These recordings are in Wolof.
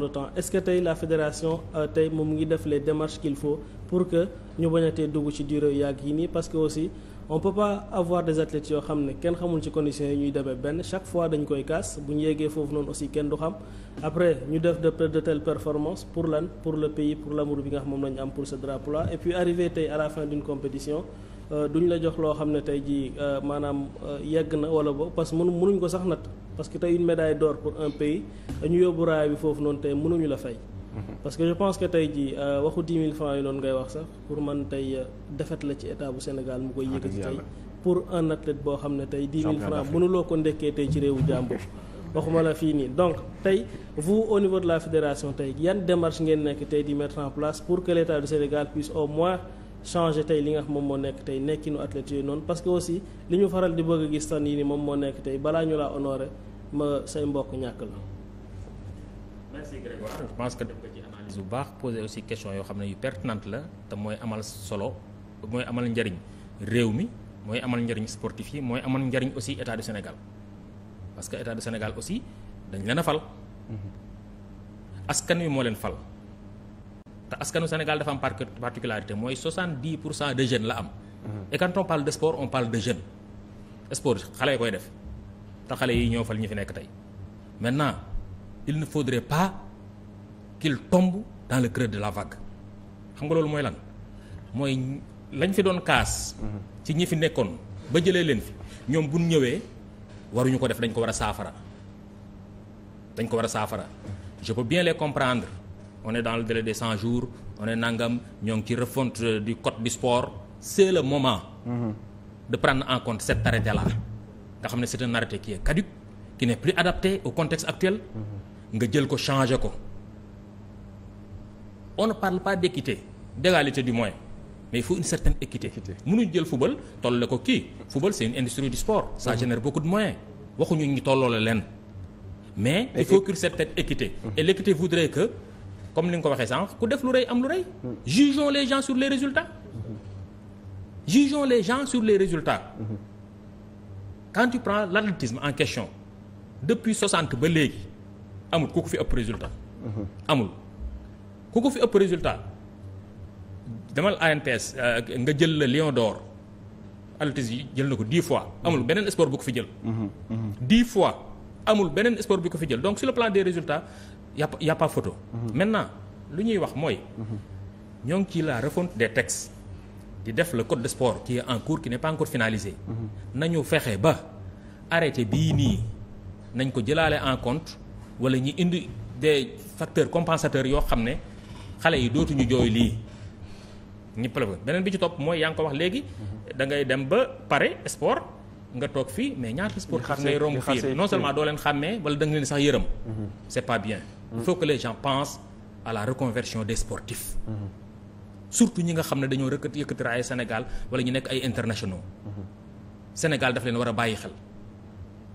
de temps est-ce que tey la fédération euh, tey moom ngi def les démarches qu'il faut pour que ñu bañatee dugg ci durée yàgg yi nii parce que aussi on peut avoir des athlètes yoo xam ne kenn xamul ci conditions yi ñuy demee benn chaque fois dañ koy kaas bu ñu yeggee foofu noonu aussi kenn du xam après ñu def de de telles pour lan pour le pays pour l'amour bi nga xam moom la ñu am pour ce drapeau là et puis arrivé tey à d'une compétition Euh, duñu la jox loo xam ne tey jii euh, maanaam euh, yegg na wala bo parce que mënu mënuñ ko sax nat parce que tey une médaille d'or pour un pays ñu yóbbu raaya bi foofu noonu tey mënuñu la fay mm-hmm. parce que je pense que tey jii waxu dix mille francs yi noonu ngay wax sax pour man tey défaite la ci état bu Sénégal mu koy yëkkati tey pour un athlète boo xam ne tey dix mille francs mënuloo ko ndekkee tey ci réewu jàmbur waxuma la fii nii donc tey vous au niveau de la fédération tey yan démarche ngeen nekk tey di mettre en place pour que l' au moins changer tey li nga xam moom moo nekk tey nekkinu athlètes yooyu noonu parce que aussi li ñu faral di bëgg gis tan yi ni moom moo nekk tey balaa ñu laa honoré ma say mbokk ñàkk la. merci Grégoire que def nga ci analyse bu baax poser aussi question yoo xam ne yu pertinente la te mooy amal solo mooy amal njariñ réew mi mooy amal njariñ sportif yi mooy amal njariñ aussi état du Sénégal parce que état du Sénégal aussi dañ leen a fal. Mhm. askan wi moo leen fal. te askanu Sénégal dafa am particularité mooy 70 pour cent de jeunes la am. Mhm. et quand on parle de sport on parle de jeunes. sport xale yi koy def te xale yi ñoo fa ñu fi nekk tey maintenant il ne faudrait pas qu'il tombe dans le creux de la vague xam nga loolu mooy lan mooy lañ fi doon kaas. Mhm. ci ñi fi nekkoon ba jëlee leen fi ñoom bu ñëwee waruñu ko def dañ ko war a saafara dañ ko war a saafara je peux comprendre. on est dans le délai des 100 jours on nangam ñoo ngi ci refonte du code du sport c'est le moment de prendre en compte cet arrêté la nga xam ne c'est un arrêté qui est ki qui n'est plus adapté au contexte actuel nga jël ko changer ko on ne parle pas d'équité d'égalité du moins mais il faut une certaine équité mënuñ jël football tollale ko kii football c'est une industrie du sport ça mhm. génère beaucoup de waxuñu ñu tolloo la leen mais il faut que cette équité et l'équité comme ni nga ko waxee sànq ku def lu rëy am lu rëy. jugeons les gens sur les résultats. jugeons les gens sur les résultats. quand tu prends en question depuis 60 ba léegi amul ku ko fi ëpp résultat. amul ku ko fi ëpp résultat demal ANPS euh, nga jël la Lion d'or athlétisme yi jël na ko 10 fois. amul beneen sport bu ko fi jël. 10 mhm. mhm. fois amul beneen sport bi ko fi jël donc sur le plan des résultats. y' a y' a mhm. maintenant lu ñuy wax mooy. ñoo ngi ci laa refonte des textes di def la code de sport ci est en cours qui n'est pas encore finalisé. Mhm. nañu ba arrêté bii nii nañ ko jëlaale en compte wala ñu indi des facteurs yoo xam ne xale yi dootuñu jooy lii. ñëpp la beneen bi ci topp mooy yaa ngi ko wax léegi. Mhm. da ngay dem ba pare sport nga toog fii mais ñaata sport. xam ngay romb fii non seulement doo leen xàmmee wala da nga leen sax yërëm. c'est pas bien. il faut que les gens pensent à la reconversion des sportifs. surtout ñi nga xam ne dañoo rëkkati yëkkati raay Sénégal wala ñu nekk ay internationaux. Sénégal daf leen war a bàyyi xel.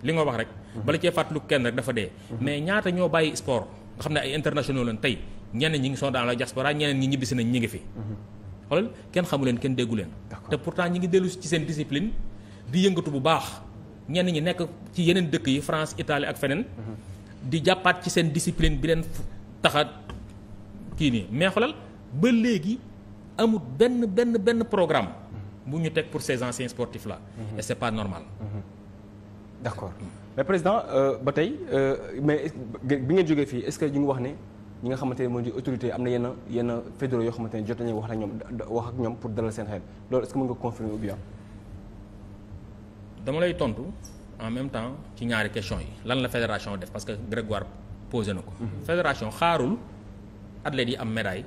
li nga wax rek. bala cee fàttaliku kenn rek dafa dee. mais ñaata ñoo bàyyi sport nga xam ne ay internationaux lañ tey ñeneen ñi ngi sont dans la diaspora ñeneen ñi ñibbisi nañ ñi ngi fi. xoolal kenn xamu leen kenn déggu leen. te pourtant ñi ngi dellu ci seen discipline di yëngatu bu baax ñenn ñi nekk ci yeneen dëkk yi France Italie ak feneen. di jàppaat ci seen disipline bi leen taxaat kii nii mais xoolal ba léegi amut benn benn benn programme bu ñu teg pour ces anciens sportifs là. Mhm. et c'est pas normal. Mhm. d'accord mais président euh, ba tey euh, mais bi ngeen jógee fii est-ce que ñu ngi wax ne ñi nga xamante ne moo di autorité am na yenn yenn fédéraux yoo xamante ne jot nañu wax la ñoom wax ak ñoom pour dalal seen xel loolu est-ce que mën nga confirmer ou bien. dama lay tontu. en même temps ci ñaari question yi lan la fédération def parce que Grégoire posé na ko. fédération xaarul athlètes yi am médaille.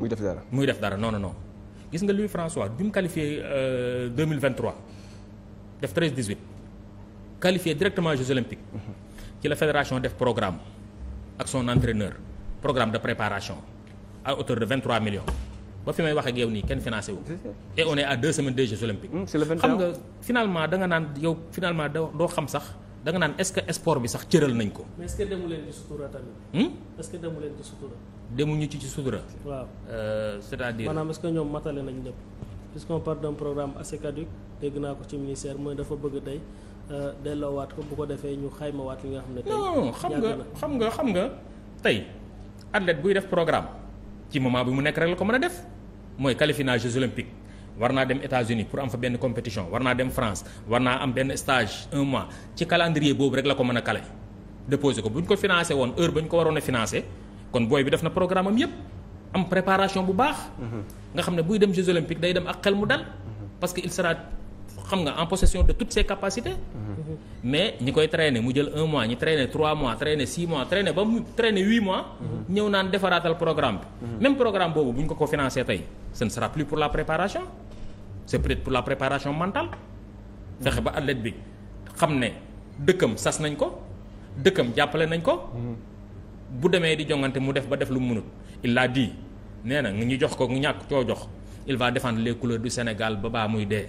muy def dara muy def dara noonu non gis nga Louis François bi mu qualifié euh, deux mille vingt trois def treize dix huit qualifié directement Jeux olympiques. Mm-hmm. ci la fédération def programme ak son entraîneur programme de préparation à hauteur de vingt trois millions. ba fi may wax ak yow nii kenn financé wu. et on est à deux semaines des Jeux olympiques. Hmm, xam nga finalement da naan yow finalement doo xam sax da naan est-ce que sport bi sax cëral nañ ko. mais est demu leen ci sutura hmm? demu leen ci sutura. demuñu ci ci sutura. waaw euh, c'est-à-dire. maanaam est-ce que ñoom matale nañ lépp. puisqu'on parle d'un programme assez caduc dégg naa ko ci ministère mooy dafa bëgg tey euh, delloowaat ko bu ko defee ñu xaymawaat li nga xam ne. tey xam nga xam nga xam nga tey athlète buy def programme. ci moment bi mu nekk rek la ko mën a def mooy qualifié na Jeux olympiques war naa dem États-Unis pour am fa benn compétition war naa dem France war naa am benn stage un mois ci calendrier boobu rek la ko mën a calé déposé ko bu ñu ko financé woon heure ba ñu ko waroon a financé kon booy bi def na programme am yépp am préparation bu baax. Mhm. nga xam ne buy dem Jeux olympiques day dem ak xel mu dal. Mhm. parce il sera xam nga en possession de toutes ses capacités. mais ñi koy traîner mu jël un mois ñi traîner trois mois traîner six mois traîner ba mu traîner huit mois. ñëw naan defaraatal programme bi. même programme boobu bu ñu ko ko financé tey ce ne sera pour la préparation c'est peut-être pour la préparation mentale. fexe ba athlète bi xam ne dëkkam sas nañ ko dëkkam jàppale nañ ko. bu demee di jongante mu def ba def lu mu mënut il l'a dit nee na ñu jox ko ñu ñàkk coo jox il va défendre les du Sénégal ba baa muy dee.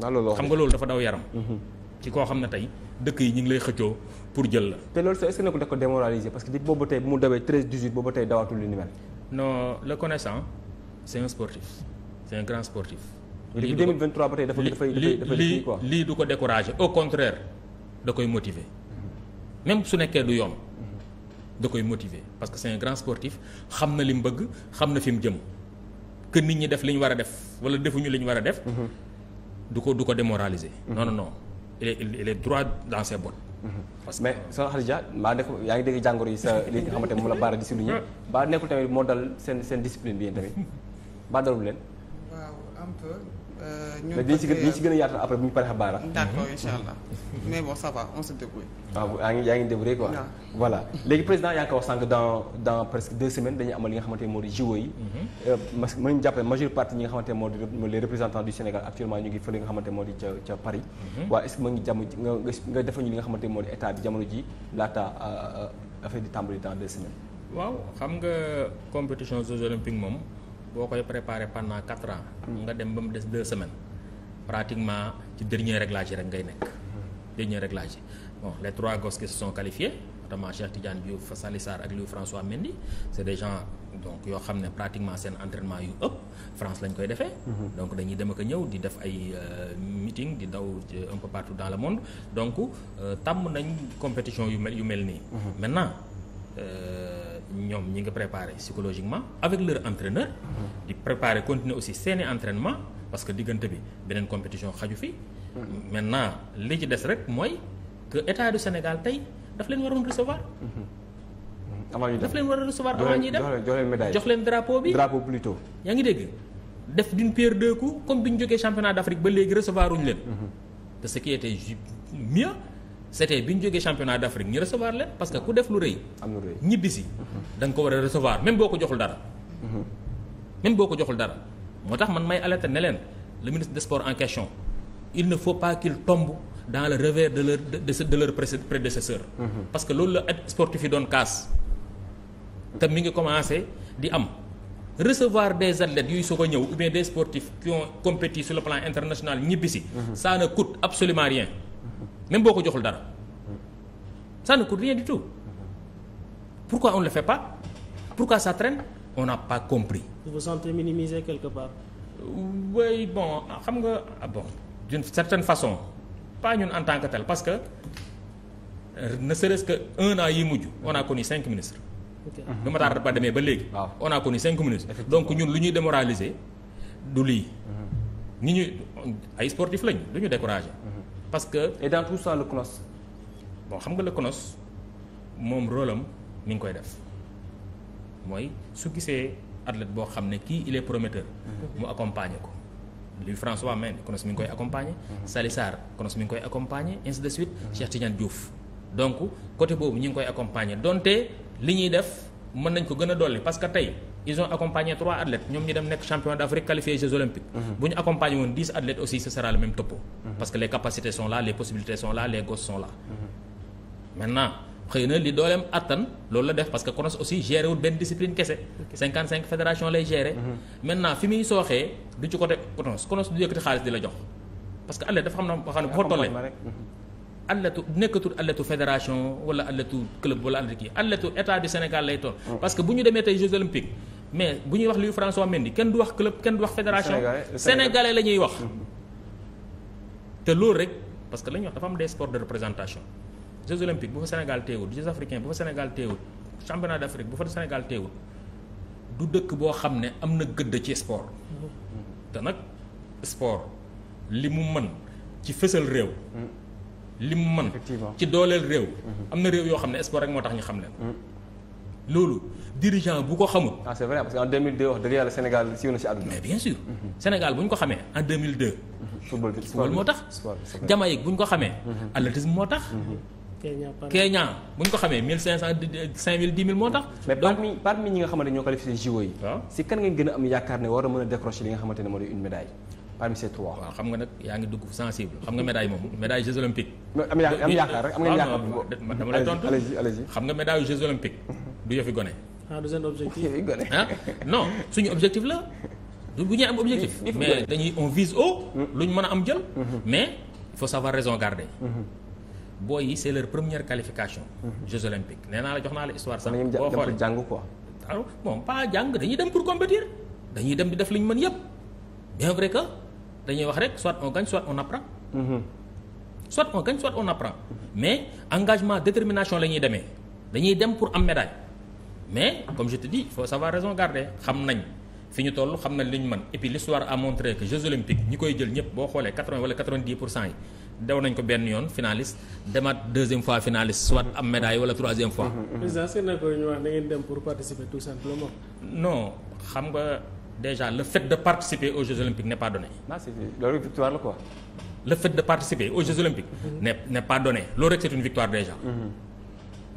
xam nga loolu dafa daw yaram. Mhm. ci koo xam ne tey dëkk yi ñu ngi lay xëccoo pour jël la. te loolu est-ce que nekkul da ko démoraliser parce que dig boobu tey bu mu dawee 13 18 boobu tey dawatul lu ni mel. non le connaissant c'est un sportif c'est un grand tey dafa dafay dafay lii du ko décourager au contraire da koy motiver même su nekkee du yomb da koy motiver parce que c'est un grand sportif xam na li mu bëgg xam na fi mu jëm que nit ñi def li ñu war a def wala defuñu li ñu war a def. Mhm. du ko du ko démoraliser. Mhm. non non non il est il est droit dans ses bottes. Mhm. parce que mais soxna Khadija mbaa nekk yaa ngi dégg jàngoro yi sa li nga xamante ne moom la baara di souligné mbaa nekkul tamit moo dal seen seen discipline bi yéen tamit mbaa dalul leen. waaw Euh, ñun parce que dañ si gën dañ si gën a yaatal après bu paree xabaar d' accord incha allah mais bon ça on se débrouille. waaw ah, yaa yaa ngi débrouillé quoi. voilà léegi président yaa wax sànq dans dans presque deux semaines dañuy amal li nga xamante moo di JO yi. parce que mën nañu jàppale majeure ñi nga xamante moo di les du Sénégal actuellement ñu ngi fële nga xamante moo di ca Paris. Mhm. waaw est ce ngi jàmm nga nga defal li nga xamante moo di état bi jamono ji laata euh, euh, affaire di tàmbali boo koy préparé pendant quatre ans. Hmm. nga dem ba mu des deux semaines pratiquement ci dernier réglage yi rek ngay nekk. Hmm. dernier réglage yi bon les trois gosses qui se sont qualifiés notamment Cheikh Tidiane Diouf Salih Sarr ak Louis François Mendy c' est des donc yoo xam ne pratiquement seen entraînement yu ëpp France lañ koy defee. Hmm. donc dañuy dem ak ñëw di def ay euh, meeting di daw euh, un peu partout dans le monde donc euh, tàmm nañ compétition yu mel yu mel nii. maintenant. ñoom ñi nga préparé psychologiquement avec leur entraîneur di préparer continuer aussi seeni entraînement parce que diggante bi beneen compétition xaju fi maintenant li ci des rek mooy que état du Sénégal tey daf leen waroon recevoir avant ñuy def daf leen war a recevoir avant ñuy def jox leen médaille jox leen drapeau bi drapeau plutôt. yaa ngi dégg def d'une pierre deux coups comme bi ñu jógee championnat d'Afrique ba léegi recevoir uñu leen. te mm-hmm. ce qui était c'était bi ñu jógee championnat d'Afrique ñu recevoir leen parce que ku def lu rëy. ñibbisi. da ko war a recevoir même boo ko joxul dara. Mhm. même boo ko joxul dara moo tax man may alerter ne leen le ministre des sports en question il ne faut pas qu'il tombe dans le revers de leur de de, de leur prédécesseur. Mhm. parce que loolu la sportif yi doon kaas. te mi ngi commencé di am recevoir des athlètes yuy soog a ñëw ou des sportifs qui ont compéti sur le plan international ñibbisi. Mhm. même boo ko joxul dara ça ne coûte rien du tout pourquoi on le fait pas pourquoi ça traîne on n'a pas compris. vous vous sentez minimisé quelque part. oui bon xam nga ah bon d'une certaine façon pas ñun en tant que tel parce que euh, ne serait-ce un an yi mujj on a connu cinq ministres. ok bi mhm. ba demee ba léegi. on a connu cinq ministres. donc ñun lu ñuy démoraliser du lii. ñi mhm. ñuy ay sportif lañu du ñu décourager. Mhm. parce que. et dans tout ça le CNOS. bon xam nga le konos moom rôle am mi ngi koy def mooy su gisee athlète boo xam ne kii il est prometteur. mu accompagner ko. Louis François Mendy CNOS mi ngi koy accompagner. Sali Sarr CNOS mi ngi koy accompagner ainsi de suite. Mm-hmm. Cheikh Tidiane Diouf. donc côté boobu ñu ngi koy accompagner donte li ñuy def mën nañ ko gën a dolli parce que tey. ils ont accompagné trois athlètes ñoom ñu dem nekk champion d'Afrique qualifié Jeux olympiques mhm. bu ñu accompagné woon dix athlètes aussi ce sera le même topo mhm. parce que les capacités sont là les possibilités sont là les gosses sont là mhm. xëy na li dooleem attan loolu la def parce que aussi géré benn discipline kese cinquante cinq fédération lay gérer maintenant fi muy sooxee du ci côté CONOS CONOS du yëkkati xaalis di la jox parce que dafa xam allatu nekkatul allatu fédération wala allatu club wala allatu kii allatu état du Sénégal lay toll. parce que bu ñu demee tey Jeux olympiques mais bu ñuy wax luy François Mendy kenn du wax club kenn du wax fédération. sénégalais la ñuy wax. Mhm. te loolu rek parce que la ñuy wax dafa am des sports de représentation. Jeux olympiques bu fa Sénégal teewul Jeux africains bu fa Sénégal teewul championnat d' Afrique bu fa du dëkk boo xam ne am na gëdd ci sport. Mhm. te nag sport li mu mën ci fésal réew. Mhm. li mu mën ci dooleel réew mhm. am na réew yoo xam ne sport rek moo tax ñu xam leen loolu dirigeant bu ko xamul ah c'est vrai parce que en 2002 wax dëgg yàlla Sénégal siiw na si àdduna mais bien sûr mhm. Sénégal bu ñu ko xamee en 2002 mhm. football football moo tax Jamaïque bu ñu ko xamee athlétisme moo tax Kenya bu ñu ko xamee mille cinq cent dix mille moo tax mais parmi parmi ñi nga xamante ñoo qualifié JO yi si kan ngeen gën a am yaakaar ne a a décrocher li nga xamante ne moo di parmi ces trois. waaw xam nga nag yaa ngi dugg sensible xam nga médaille moom médaille Jeux olympiques. Ah, dama lay tontu xam nga médaille Jeux olympiques du yëfi gone. Ah, ah, non suñu objectif la du bu ñuy am objectif. mais dañuy on vise haut. Mm-hmm. lu ñu mën a am jël. Mm-hmm. mais il faut savoir raison garder. Mm-hmm. booy yi c'est leur première qualification. Jeux olympiques nee naa la jox naa la histoire sax. boo xoolee dem jàng quoi. alors jàng dañuy dem pour compétir dañuy dem di def li ñu yëpp dañuy wax rek soit on gagne soit on apprend. Mhm. soit on gagne soit on apprend mais engagement détermination la ñuy demee dañuy dem pour am médaille mais comme je te dis il faut savoir raison garder xam nañ fi ñu toll xam nañ li ñu mën et puis l'histoire a montré que Jeux olympiques ñi koy jël ñëpp boo xoolee quatre-vingt wala quatre-vingt-dix pour cent yi daw nañ ko deuxième fois finaliste soit am médaille wala troisième fois. président ko ñu wax da ngeen dem pour participer déjà le fait de participer aux Jeux Olympiques n'est pas donné. la quoi. le fait de participer aux Jeux Olympiques. n'est pas donné loolu rek c'est une victoire déjà.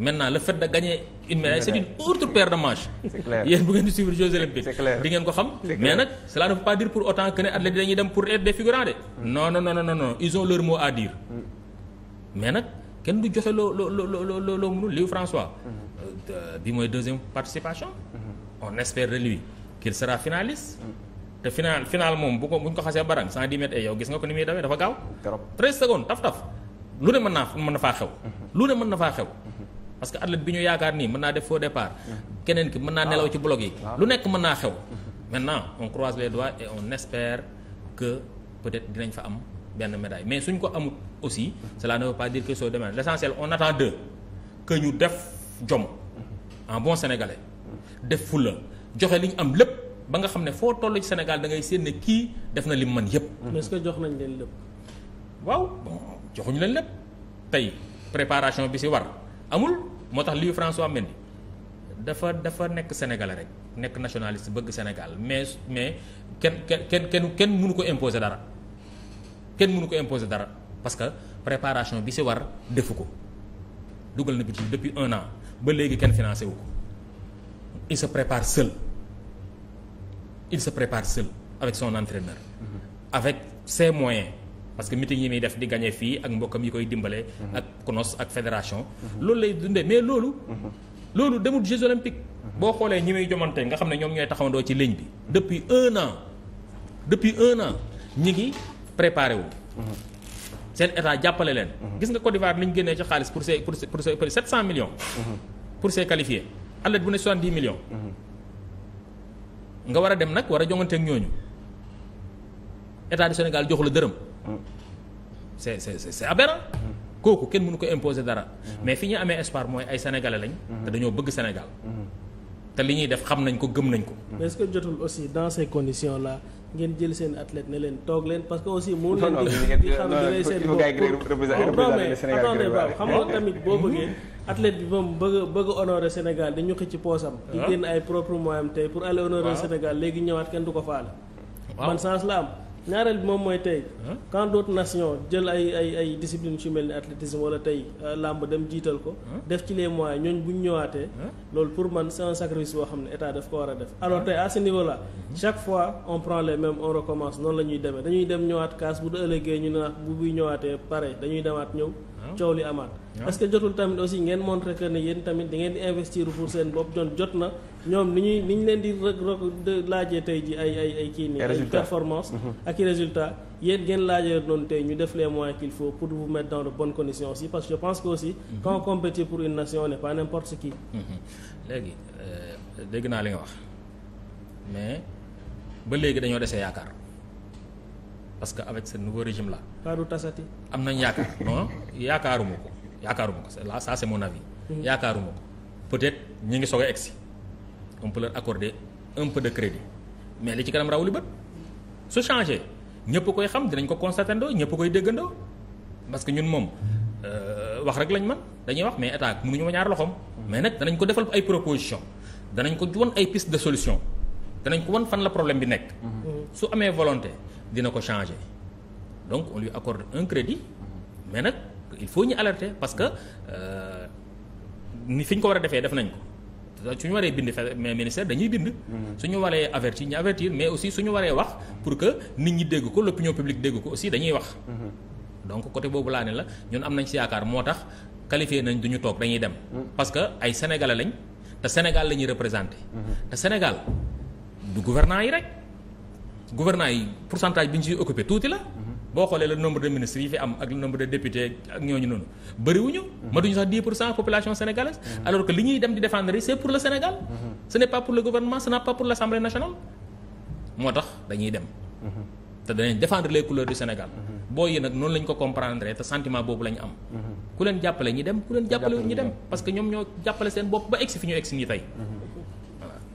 maintenant le fait de gagner une médaille c'est une autre paire de manches. c'est bu ngeen di suivre Jeux Olympiques. di ngeen ko xam. mais nag cela ne veut pas dire pour autant que ne dañuy dem pour être des figurants de. non non non ils ont leur mot à dire. nag kenn du joxe loo loo loo loo loo mënul Léo François. bi mooy qu'il sera finaliste. te final final moom bu ko bu ñu ko xasee barang 110 mètres et eh yow gis nga ko ni muy dawee dafa gaaw. trop 13 secondes taf taf lu ne mën naa mën na faa xew. Mhm. lu ne mën na faa xew. Mhm. parce que athlète bi ñu yaakaar nii mën naa def faux départ. Mhm. keneen ki mën naa nelaw ci bloc yi. lu nekk mën naa xew. maintenant on croise les doigts et on espère que peut-être dinañ fa am benn médaille mais suñ ko amut aussi. cela ne veut pas dire que soo demee l'essentiel ñu def jom en bon sénégalais def fulla joxe li ñu am lépp ba nga xam ne foo toll ci Sénégal da ngay séen ne kii def na li man mën yëpp. mais est jox nañ leen lépp. waaw joxuñu leen lépp tey préparation bi si war amul moo tax lii François Mendy dafa dafa nekk sénégalais rek nekk nationaliste bëgg Sénégal mais mais kenn kenn kenn kenn mënu ko imposer dara kenn mënu ko imposer dara parce que préparation bi si war defu ko dugal na bi depuis un an ba léegi kenn financé wu ko. il se prépare seul il se prépare seul avec son entraîneur mhm. avec ses moyens parce que meeting yi muy def di gagné fii ak mbokkam yi koy dimbale mhm. ak CNOS ak fédération mhm. loolu lay dundee mais loolu loolu demul Jeux olympiques boo xoolee ñi muy jomante nga xam ne ñoom ñooy taxawandoo ci ligne bi depuis un an depuis un an ñi ngi préparé wu seen état jàppale leen gis nga Côte d'Ivoire li ñu génnee ci xaalis pour ces pour ces pour ces 700 pour ces qualifiés athlète bu ne soixante dix millions. nga war a dem nag war a jongante ñooñu état du Sénégal jox la dërëm. c'est c'est c'est aberrant. kooku kenn mënu ko imposer dara. Mm-hmm. mais fi ñu amee espoir mooy ay sénégalais lañ. Mm-hmm. te dañoo bëgg Sénégal. Mm-hmm. te li ñuy def xam nañ ko gëm nañ ko. mais que jotul aussi dans ces conditions ngeen jël seen athlète ne leen toog leen parce que aussi. moo leen di di xam ne seen bopp xam nga tamit boo hmm? bëggee. athlète bi moom bëgg bëgg honorer Sénégal dañu xëcc ci poosam. di ah. génn ay propre moyens pour aller honorer ah. Sénégal léegi ñëwaat kenn du ko faale. man chance la am. ñaareel bi moom mooy tey quand d'autres nations jël ay ay ay discipline ci mel ni athlétisme wala tey euh, làmb dem jiital ko def ci les moyens ñooñ bu ñu ñëwaatee loolu pour man c'est un sacrifice boo xam ne état daf ko war a def alors tey à ce niveau là mhm. chaque fois on prend les mêmes on recommence noonu la ñuy demee dañuy dem ñëwaat kaas bu du ëllëgee ñu ne bu buy ñëwaatee pare dañuy demaat ñëw coow li amaat est-ce que jotul tamit aussi ngeen montré que ne yéen tamit da ngeen di investir pour seen bopp jot na ñoom ni ñuy ni ñu leen di rek rek laajee tey ji ay ay kii nii performance mhm. ak résultat yéen ngeen laajee noonu tey ñu def les moyens qu'il faut pour vous mettre dans de bonnes conditions aussi parce que je pense que aussi mhm. quand on compétit pour une nation on pas n'importe qui mhm. léegi euh, dégg naa li nga wax mais ba léegi dañoo desee yaakaar parce que avec ce nouveau régime là. Kaaru tasati. am nañ yaakaar non yaakaaruma ko yaakaaruma ko c'est là ça c'est mon avis. Mm-hmm. yaakaaruma ko peut-être ñu ngi soog a egsi on peut leur accorder un peu de crédit mais li ci kanam raw li bët su changé ñëpp koy xam dinañ ko constaté ndoo ñëpp koy déggandoo parce que ñun moom euh, wax rek lañ man dañuy wax mais état mënuñu ma ñaar loxoom. mais nag danañ ko defal ay proposition danañ ko won ay piste de solution danañ ko won fan la problème bi nekk. Mm-hmm. su amee volonté. dina ko changer donc on lui accorde un crédit mais nag il faut ñu alerter parce que euh, ni fi ñu ko war a defee def nañ ko su ñu waree bind mais ministère dañuy bind. su ñu waree avertir ñu avertir mais aussi su ñu waree wax pour que nit ñi dégg ko l'opinion publique dégg ko aussi dañuy wax. donc côté boobu laa ne la ñun am nañ ci yaakaar moo tax qualifié nañ du ñu toog dañuy dem. parce que ay sénégalais lañ te Sénégal la ñuy représenté. te Sénégal du gouvernement yi rek. gouvernants yi pourcentage bi ñu ciy occupé tuuti la. boo xoolee le nombre de ministres yi fi am ak le nombre de députés ak ñooñu noonu bëriwuñu. matuñu sax 10 pour cent population sénégalaise. alors que li ñuy dem di défendre yi c' pour le Sénégal. ce n' pas pour le gouvernement ce n' pas pour l' assemblée nationale. moo tax dañuy dem. te danañ défendre les couleurs du Sénégal. boo yi nag noonu lañ ko comprendre te sentiment boobu la am. ku leen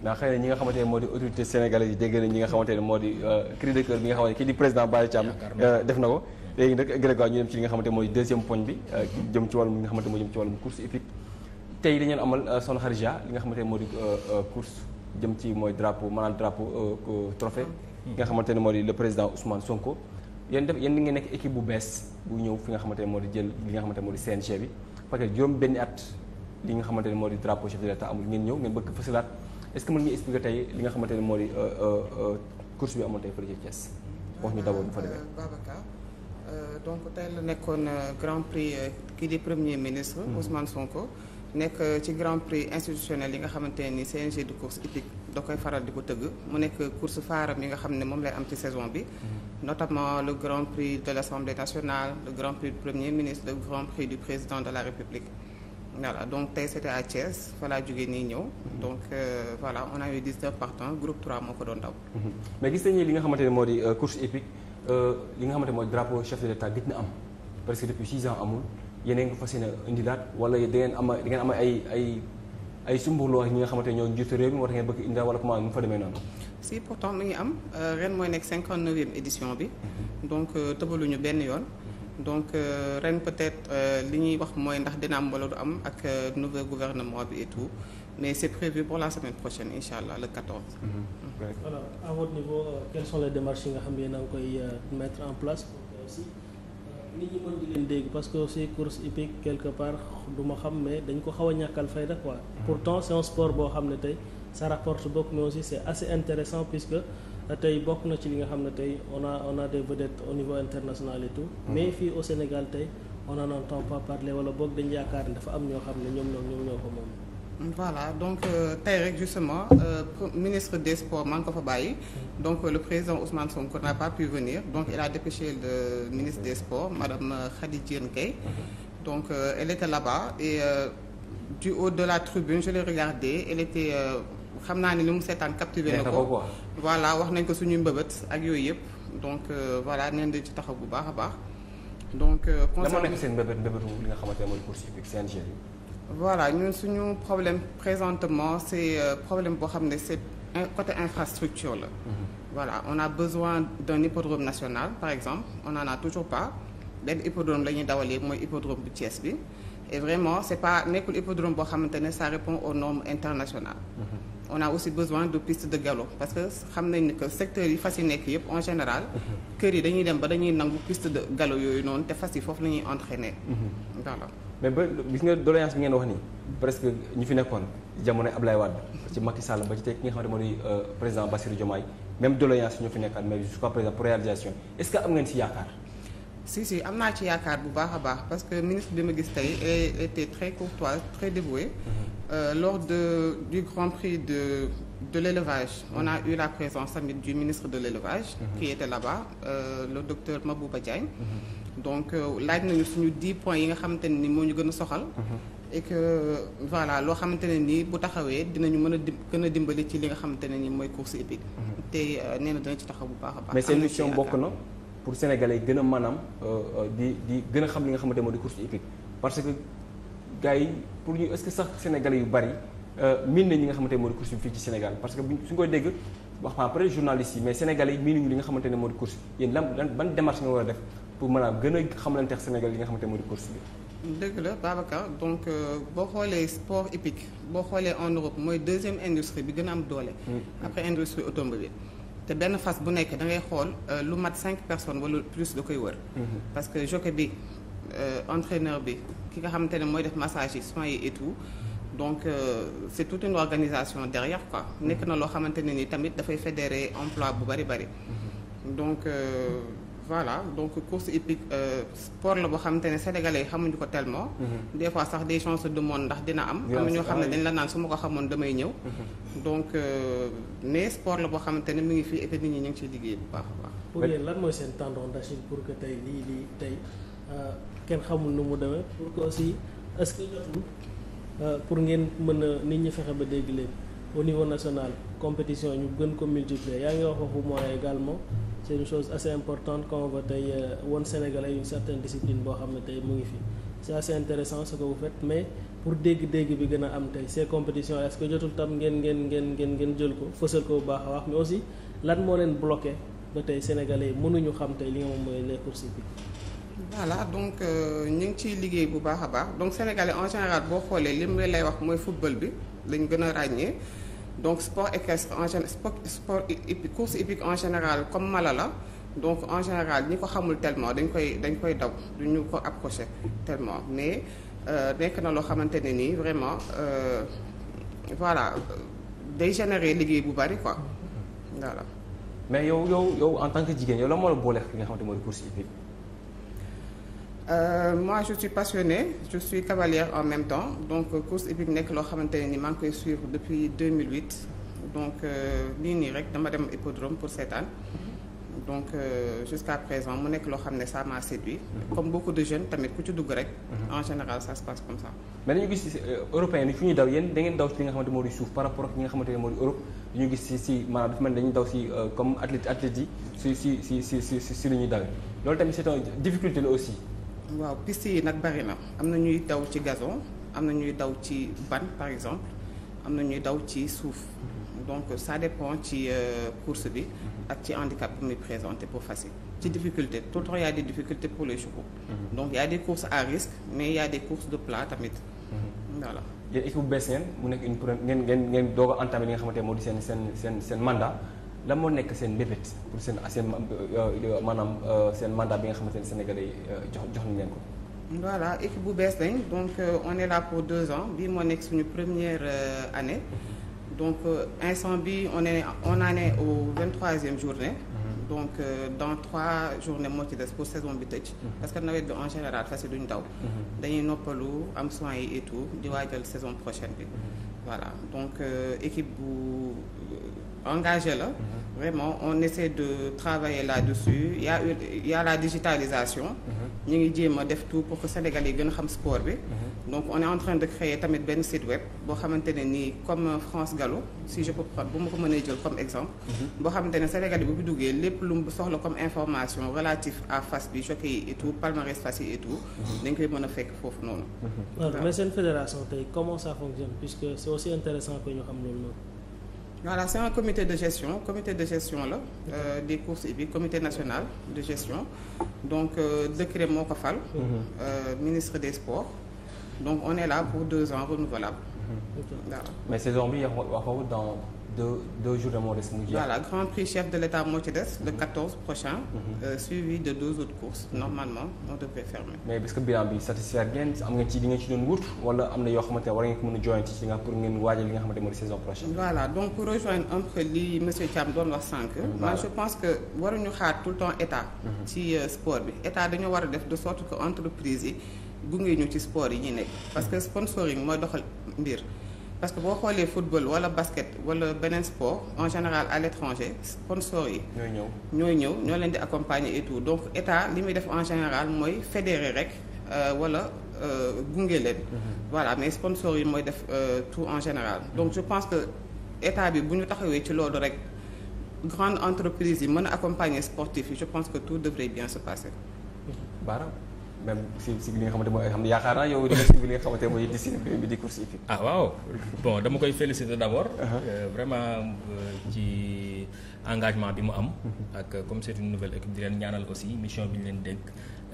ndax xëy na ñi nga xamante ne moo di autorité sénégalais yi dégg nañ ñi nga xamante ne moo di cri de cœur bi nga xamante ne kii di président Bara Thiam def na ko léegi nag Grégoire ñu dem ci li nga xamante mooy deuxième point bi jëm ci wàllum li nga xamante moo jëm ci wàllum course hippique tey dañu amal son xarija li nga xamante moo di course jëm ci mooy drapeau maanaam drapeau trophée nga xamante ne moo di le président Ousmane Sonko yéen def yéen di ngeen nekk équipe bu bees bu ñëw fi nga xamante ne moo di jël li nga xamante moo di CNG bi parce que juróom benn at li nga xamante ne moo di drapeau chef de l'État amul ngeen ñëw ngeen bëgg fësalaat est-ce que mën nga expliquer tey li nga xamante ne moo di euh, euh, euh, course bi amoon tey fële ci Thiès wax ñu d'abord bu fa demee. Babacar donc tey la nekkoon grand prix kii di premier ministre. Mhm. Ousmane Sonko. nekk ci grand prix institutionnel yi nga xamante ni CNG de course hippique da koy faral di ko tëgg mu nekk course faaram yi nga xam ne moom lay am ci saison bi mhm. notamment le grand prix de l'Assemblée nationale le grand prix du premier ministre le grand prix du président la République voilà donc tey c'était à Thiès fa laa jógee nii ñëw. Mhm. donc euh, voilà on a eu 19 partants groupe 3 moo ko doon daw. Mhm. mais gis nañu li nga xamante ne moo di euh, course hippique euh, li nga xamante ne moo di drapeau chef de l'État gis na am parce que depuis 6 ans amul yéen a ngi ko fas yéene indilaat wala da ngeen am da ngeen am ay ay ay sumburloo ñi nga xamante ne ñoo jiitu réew mi war ngeen bëgg indilaat wala comment nu mu fa demee noonu. si pourtant mi ngi am euh, ren mooy nekk 59 mhm. benn yoon. donc euh, ren peut-être euh, li ñuy wax mooy ndax dina am wala du am ak euh, nouveau gouvernement bi et tout mais c'est bi pour la semaine prochaine incha allah le 14. voilà mm-hmm. mm-hmm. à votre niveau quelles les démarches yi nga xam ne yéen koy mettre en place parce que aussi course hippique quelque part du ma xam mais dañ ko xaw a ñàkkal fayda quoi. Mm-hmm. pourtant c'est un sport boo xam ne tey ça rapporte beaucoup mais aussi c'est assez intéressant puisque. tey bokk na ci li nga xam ne tey on a on a des vedettes au niveau international et tout mm-hmm. mais fii au Sénégal tey on n'en entend pas parler wala boog dañ yaakaar ne dafa am ñoo xam ne ñoom ñoom ñoo ko moom voilà donc euh, tey rek justement euh, ministre des sports maa ngi ko fa bàyyi mm-hmm. donc le président Ousmane Sonko n'a pas pu venir donc il a dépêché le ministre des sports madame euh, Khady Diène Gaye mm-hmm. donc elle était là-bas et du haut de la tribune je l'ai regardée xam naa ne li mu seetaan captivé na ko voilà wax nañ ko suñu mbëbët ak yooyu yëpp donc euh, voilà neen dañ ci taxaw bu baax a baax donc euh, conseil dama seen mbëbët mbëbëtu li nga xamante ne mooy course hippique CNG yi voilà ñun suñu problème présentement c'est euh, problème boo xam ne c'est côté infrastructure la mhm. voilà on a besoin d'un hippodrome national par exemple on n'en a toujours pas benn hippodrome la ñuy dawalee mooy hippodrome bu Thiès bi et vraiment c'est pas nekkul hippodrome boo xamante ne ça répond aux normes internationales mhm. on a aussi besoin de pistes de galop parce que xam nañ ne que secteurs yi fas yi nekk yëpp en général. Mhm. kër yi dañuy dem ba dañuy nangu piste de galop yooyu noonu te fas yi foofu la ñuy entraîner. Mhm. voilà mais ba gis nga doléance bi ngeen wax nii presque ñu fi nekkoon jamono Ablaye Wade ci Macky Sall ba ci tey ki nga xamante moo di euh, président Bassirou Diomaye même doléance ñu fi nekkaat mais jusqu'à présent pour réalisation est-ce que am ngeen si yaakaar. si si am naa ci yaakaar bu baax a baax parce que ministre bi ma gis tey était très courtoise très dévouée. Mm-hmm. Euh, lors de du grand prix de de l'élevage on naa eu la présence tamit du ministre de l'élevage mm-hmm. qui était là-bas euh, le docteur Mabouba Diagne mm-hmm. donc euh, laaj nañu suñu dix points yi nga xamante ne ni moo ñu gën a soxal et que voilà loo xamante ne nii bu taxawee dinañu mën a dim gën a dimbali ci li nga xamante ne ni mooy course hippique te euh, nee na dina ci taxaw bu baax a seen mission bokk na pour sénégalais gën a maanaam euh, euh, di di gën a xam li nga xamante moo di course hippique que gars yi pour ñu est-ce sax sénégalais yu bari euh, miin nañ ñi nga xamante moo di course bi fii ci Sénégal parce que buñ suñ koy dégg wax pas après journalistes yi mais sénégalais yi miin li nga xamante ne moo di course yéen lan ban démarche nga war a def pour maanaam gën a xamlante ak Sénégal li nga xamante moo di course bi dëgg la Babacar donc boo xoolee sport hippique boo xoolee en Europe mooy deuxième industrie bi gën a am doole mm. après industrie automobile te benn fas bu nekk dangay xool euh, lu mat cinq personnes wala plus da koy wër. Mhm. parce que jockey bi euh, entraîneur bi ki nga xamante ne mooy def massage yi soins yi et tout. donc euh, c' est toute une organisation derrière quoi mhm. nekk na loo xamante ne ni tamit dafay fédérer emploi bu bari bari mhm. donc. Euh, voilà donc course hippique euh, sport la boo xamante ne sénégalais yi xamuñu ko tellement. Mm-hmm. des fois sax des gens se demandent ndax dina am. am na ñoo xam ne ah dañ la naan su ma ko xamoon damay ñëw. Mm-hmm. donc euh, mais sport la boo xamante ne mi ngi fii et nit ñi ñu ngi ciy liggéey bu baax a baax. pour yéen lan mooy seen tendon d'Achille pour que tey lii lii tey euh, kenn xamul nu mu demee pour que aussi est-ce que pour ngeen mën a nit ñi fexe ba dégg leen au niveau national compétition ñu gën ko multiplier yaa ngi c'est une chose assez importante qu'on veut tey euh, won Sénégalais une certaine discipline boo xam ne tey mu ngi fi c'est assez intéressant ce que vous faites mais pour dégg-dégg bi gën a am tey ces compétitions est que jotul tam ngeen ngeen ngeen ngeen jël ko fësal ko bu baax a wax mais aussi lan moo leen bloqué ba tey Sénégalais mënuñu xam tey li nga moom mooy les courses bi voilà donc euh, ñu ngi ciy liggéey bu baax a baax donc Sénégalais en général boo xoolee lim lay wax mooy football bi lañ gën a ràññee donc sport équestre en général sport sport hippique course hippique en général comme mala la donc en général ñi ko xamul tellement dañ koy dañ koy daw du ñu ko approché tellement mais euh, nekk na loo xamante ne nii vraiment euh, voilà day générer liggéey bu bari quoi voilà. mais yow yow yow en tant que jigéen yow la moo la boole li nga xamante mooy course hippique. Euh, moi je suis passionnée je suis cavalière en même temps donc course hippique nekk loo xamante ne ni maa ngi koy suivre depuis 2008 donc euh, nii nii rek dama dem hippodrome pour seetaan donc euh, jusqu'à présent mu nekk loo xam ne ça m'a séduit comme beaucoup de jeunes tamit ku ci dugg rek. Mhm. en général ça se passe comme ça. mais dañu gis ci euh, yi fu ñu daw yéen da ngeen daw ci nga xamante moo di suuf par rapport ak nga xamante moo di Europe dañu gis ci ci maanaam dafa mel ni dañuy daw ci euh, comme athlète athlète yi ci ci ci ñuy dawee loolu tamit c'est une aussi. waaw piste yi nag bari na am na ñuy daw ci gazon am na ñuy daw ci ban par exemple am na ñuy daw ci suuf donc sa dépend ci euh, course bi ak ci handicap bi muy présenté pour facile ci difficulté tout le temps y a des difficultés pour les chevaux mhm. donc y a des courses à risque mais y a des de plat tamit mhm. voilà yéen équipe bu bees ngeen mu nekk une première ngeen ngeen ngeen doog a li nga xamante moo di seen seen seen seen mandat la moo nekk seen mbébét pour seen euh, seen euh, euh, bi nga xamante ne Sénégalais yi jox jox nañ leen ko. voilà équipe bu bees lañ donc on est là pour deux ans bii moo nekk suñu première année donc instant bi on est on en est au vingt troisième journée. Mm-hmm. donc dans trois journées moo ci des pour saison bi tëj. Mm-hmm. parce que nawet bi en général fas duñ daw. Mm-hmm. dañuy noppalu am soins yi et di waajal saison prochaine bi. voilà donc équipe bu. engagé la mm-hmm. vraiment on essaie de travailler là-dessus il y a la digitalisation mm-hmm. ñu ngi jéem a def tout pour que Sénégal yi gën a xam sport bi mm-hmm. donc on est en train de créer tamit benn site web boo xamante ne nii comme France Gallo si je peux prendre bu ma ko mënee jël comme exemple boo xamante ne Sénégal yi bu bi duggee lépp lu mu soxla comme information relative à fas bi jockey yi et tout palmarès yi et dañ koy mën a fekk foofu noonu mais seen fédération tey comment voilà c'est un comité de gestion comité de gestion la euh, des courses hippiques comité national de gestion donc euh, décret moo ko fal mhm. euh, ministre des sports donc on est là pour deux ans renouvelable mhm. voilà mais saison bi wax waxawut dans deux deux jours de moo des mu jeex. voilà grand prix chef de l'état moo ci des. le 14 mhm. prochain. Mhm. Euh, suivi de deux autres courses normalement on devrait fermer. mais parce que bi satisfaire ngeen am nga ci li nga ci doon wut wala am na yoo xamante ne war ngeen ko a joxe ci nga pour ngeen waajal li nga xamante ne mhm. je pense que waruñu xaar tout le temps état. ci euh, sport bi état dañoo war a def de sorte que entreprise yi gunge ñu ci sport yi ñuy nekk parce que sponsoring mooy doxal mbir. parce que boo xoolee football wala basket wala beneen sport en général à l'étranger sponsor yi. ñooy ñëw ñooy ñëw ñoo leen di accompagner et donc état li muy def en général mooy fédérer rek euh, wala euh, gunge leen. Mhm. voilà mais sponsor yi mooy def euh, tout en général. Mhm. donc je pense que état bi bu ñu taxawee ci loolu rek grande entreprise yi mën a accompagner sportif yi je pense que tout devrait bien se passer. Baara. même si li nga xamante mooy xam ne yaakaar naa yow di nga suivi li nga xamante mooy di course hippique ah waaw bon dama koy féliciter d'abord uh-huh. euh, vraiment euh, ci engagement bi mu am uh-huh. ak comme c'est une di leen ñaanal aussi mission bi ñu leen dénk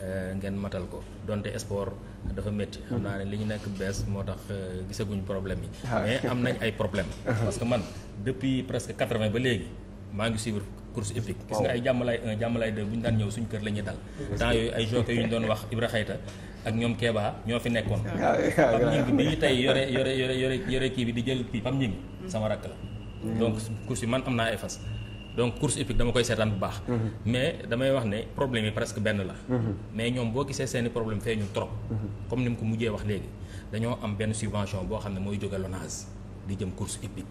euh, ngeen matal ko donte sport dafa métti xam uh-huh. naa ne li ñu nekk bees moo tax gisaguñu problème yi ah. mais am nañ ay problème parce man depuis presque quatre-vingt ba léegi maa ngi suivre course épique gis nga ay jàmmalaay 1 jàmmalaay 2 bu ñu daan ñëw suñu kër la ñuy dal temps yooyu ay jockey yu ñu doon wax Ibra Xayta ak ñoom Kéba ñoo fi nekkoon Pam Ñing bi ñu tey yore yore yore yore kii bi di jël kii Pam Ñing mm-hmm. sama rakk la mm-hmm. donc course yi man am naa ay fas donc course épique dama koy seetaan bu baax mm-hmm. mais damay wax ne problème yi presque benn la mais ñoom boo gisee seeni problème fee ñu trop comme ni mu ko mujjee wax léegi dañoo am benn subvention boo xam ne mooy jóge di jëm course épique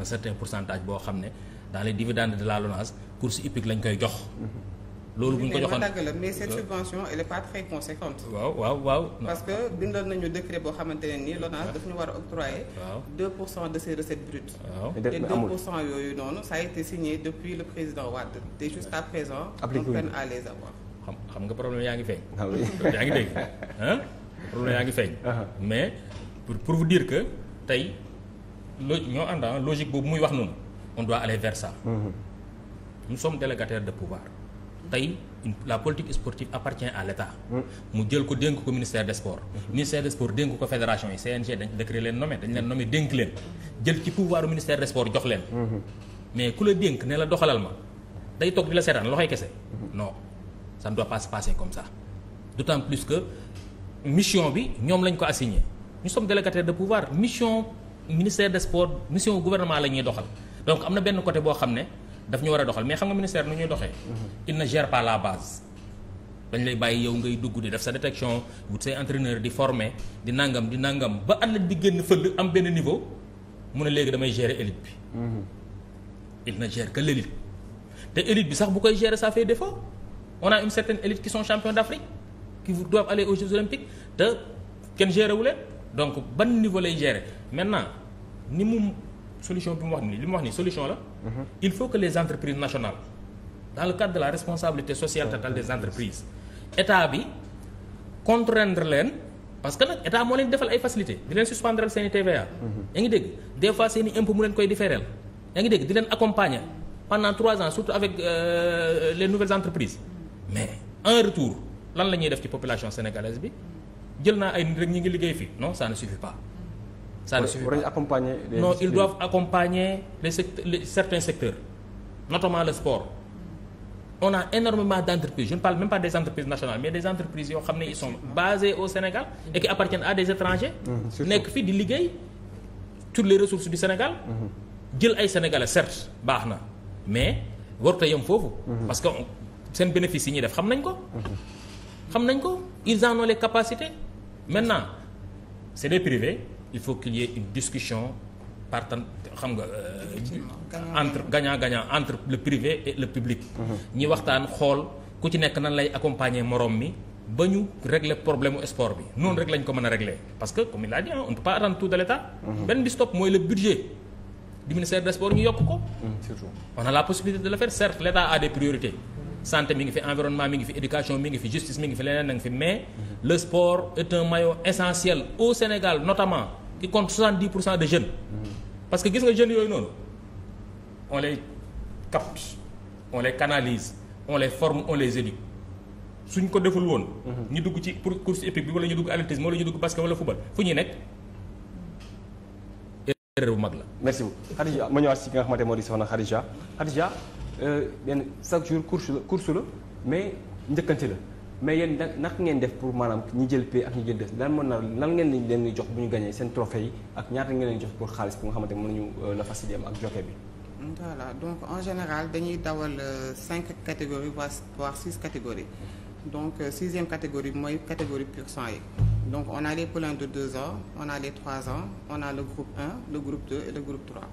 un certain pourcentage boo xam ne daal les dividendes de la LONASE course hippique lañ koy jox. loolu bu ñu ko joxoon mais cette subvention elle est pas très conséquente. waaw waaw waaw. xamante ne nii LONASE war a octroyer. waaw 2 pour cent de pour cent yooyu le président Wade te jusqu'à présent. appliqué xam xam nga yaa ngi feeñ. yaa ngi dégg ah problème yaa ngi feeñ. mais pour pour vous que tey lo ñoo ànd ah, logique boobu muy wax noonu. on doit aller vers ça. nous sommes délégataires de pouvoir. tey la politique sportive appartient à l'État. mu jël ko dénk ko ministère des sports. ministère des sports dénk ko fédération yi CNG dañ décret leen nommé dañ leen nommé dénk leen jël ci pouvoiru ministère des sports jox leen. mais ku la dénk ne la doxalal ma day toog di la seetaan loxoy kese. non ça ne doit pas se comme ça d'autant plus que mission bi ñoom lañ ko assigné nous sommes délégataires de pouvoir mission ministère de sport mission gouvernement la ñuy doxal. donc am na benn côté boo xam ne daf ñu war a doxal mais xam nga ministère nu ñuy doxee. il ne gère pas la base. dañ lay bàyyi yow ngay dugg di def sa détection wut say entraîneur di former di nangam di nangam ba athlète bi génn fël am benn niveau mu ne léegi damay gérer élite bi. Mm-hmm. il ne gère que l'élite te élite bi sax bu koy gérer ça fait défaut on a une certaine élite qui sont champions d'Afrique qui doivent aller aux Jeux olympiques te kenn gérer wu leen donc ban niveau lay gérer maintenant ni solution bi mu wax nii li mu wax nii solution la. Mhm. il faut que les entreprises nationales dans le de la responsabilité sociale totale des entreprises état bi contraindre leen. parce que nag état moo leen defal ay facilité di leen suspendre seen i TVA. Mhm. yaa ngi dégg des fois seen i impôt mu leen koy différeel yaa ngi dégg di leen accompagner pendant trois ans surtout avec euh, les nouvelles entreprises mais en retour lan la ñuy def ci population sénégalaise bi jël naa ay nit rek ngi liggéey fii non ça ne ça ne suffit pas accompagner les non ils doivent accompagner les secteurs les, certains secteurs notamment le sport on a énormément d'entreprises je ne parle même pas des entreprises nationales mais des entreprises yoo xam ne ils sont basées au Sénégal et qui appartiennent à des étrangers mmh, mmh, nekk fii di liggéey sur les ressources du Sénégal mmh. jël ay sénégalais certes baax na mais warut a yem foofu parce que seen bénéfice yi ñuy def xam nañ ko xam nañ ko ils en ont capacité capacités maintenant c'est des privés il faut qu'il y ait une discussion partant xam nga euh, entre gagnant gagnant entre le privé et le public mhm. ñi waxtaan xool ku ci nekk nan lay accompagner moroom mi ba ñu régler problème mu sport bi noonu rek lañ ko mën a régler parce que comme il l'a dit on ne tout de l'état mhm. benn bi mooy le budget du ministère des sports ñu yokk ko mhm, surtout on a la possibilité de le faire certes l'état a des priorités santé mi ngi fi environnement mi ngi fi éducation mi ngi fi justice mi ngi fi leneen na ngi au Sénégal notamment qui compte 70 pour cent de jeunes. parce que gis nga jeunes yooyu noonu on les capte les canalise on les forme on les éduque suñ ko deful woon. Mhm. ñu dugg ci pour course épique bi wala ñu dugg athlétisme wala ñu dugg basket wala football fu ñuy nekk. erreur bu mag la. merci beaucoup Khadija ma ñëwaat si ki nga xamante moo di soxna Khadija Khadija euh, benn chaque jour course la course la mais njëkkante la. mais yéen da nak ngeen def pour maanaam ñi jël pay ak ñi jël def lan mën na lan ngeen lañ leen jox bu ñu gañee seen trophée yi ak ñaata ngeen leen jox pour xaalis bu nga xamante ne euh, la facilité am ak jockey bi voilà donc en général dañuy dawal euh, cinq catégories voire voire six catégories donc euh, sixième catégorie mooy catégorie pur sang yi donc on a les poulains de 2 ans on a les 3 ans on a le groupe 1 le groupe 2 et le groupe 3. Mhm.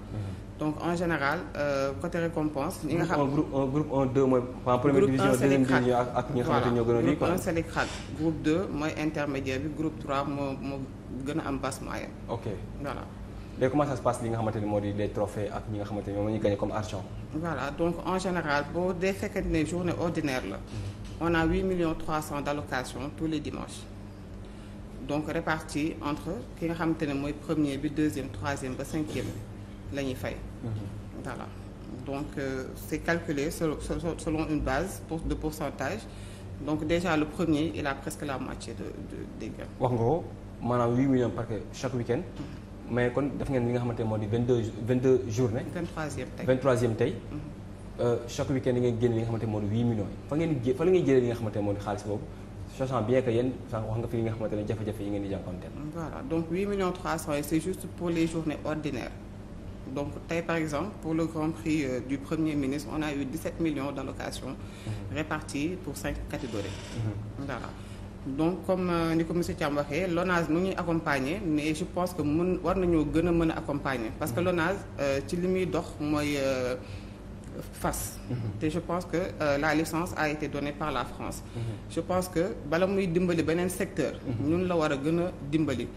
donc en général euh, côté récompense. ñi nga xam groupe 1 groupe 1 2 mooy. en première division deuxième division ak ñi nga xamante bi groupe 3 moo moo gën a am basse moyenne. ok voilà. léegi comment ça se passe li nga xamante ni moo di les trophées ak ñi nga xamante ni moom la ñu comme argent. voilà donc en général boo dee fekkee ne journée ordinaire la. Mhm. on a 8 millions 300 d' allocation les dimanches. donc réparti entre ki nga xamante ne mooy premier bi deuxième troisième ba cinquième la ñuy fay. Mhm. voilà donc euh, c'est calculé selon selon une base pour de pourcentage donc déjà le premier il a presque la moitié de de wax nga ko maanaam huit millions par chaque week-end. Mhm. kon def ngeen li nga xamante ne moo di vingt deux vingt deux journée. vingt troisième tey mhm. euh, chaque week-end génne li nga xamante ne moo di huit millions yi. fa ngeen fa la ngay jëlee li nga sachant bien que yéen sànq wax nga fi nga xamante ne jafe-jafe yi ngeen di jànkonteel. voilà donc 8 millions 300 et juste pour les journées ordinaires donc tey par exemple pour le grand prix euh, du premier ministre on a eu 17 millions d'allocations mhm. réparties pour cinq catégories. Mmh. voilà donc comme euh, ni ko monsieur Thiam waxee l'ONAS mu ngi accompagner mais je pense que mun war nañoo gën a mën a accompagner. parce que mhm. l'ONAS euh, ci li muy dox mooy. Euh, fasse. Mhm. te je pense que euh, la licence a été donnée par la France. Mhm. je pense que bala muy dimbali beneen secteur. Mhm. ñun la war a gën a dimbali.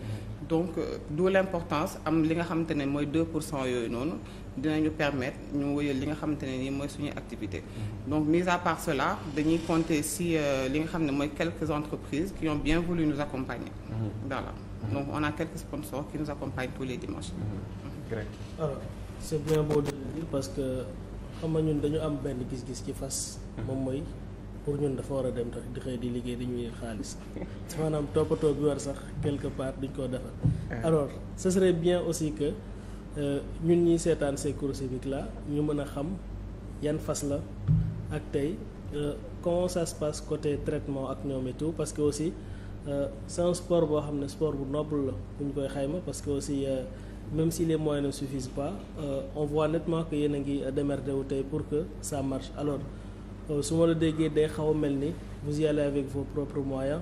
donc euh, d'où l'importance am li nga xamante ne mooy 2 pour cent yooyu noonu dina ñu permettre ñu wëyal li nga xamante ne nii mooy suñu activité donc mis à part cela dañuy compter si euh, li nga xam ne mooy quelques entreprises qui ont bien voulu nous accompagner. donc on a quelques sponsors qui nous accompagnent tous les dimanches. alors c'est bien beau de le dire xam nga ñun dañu am benn gis-gis ci fas. Hmm. moom mooy pour ñun dafa war a dem tax di xëy di liggéey di ñuy xaalis maanaam toppatoo bi war sax quelque part duñ koo defal. Ah. alors ce serait bien aussi que euh, ñun ñuy seetaan ces cours civiques là ñu mën a xam yan fas la ak tey euh, comment ça se passe côté traitement ak ñoom et tout parce que aussi euh, c'est un sport boo xam ne sport bu noble la bu koy xayma parce aussi. même si les moyens ne suffisent pas euh, on voit nettement yéen a ngi démerdé wu tey pour que ça marche alors euh, su ma la déggee day xaw a mel ni vous y allez avec vos propres moyens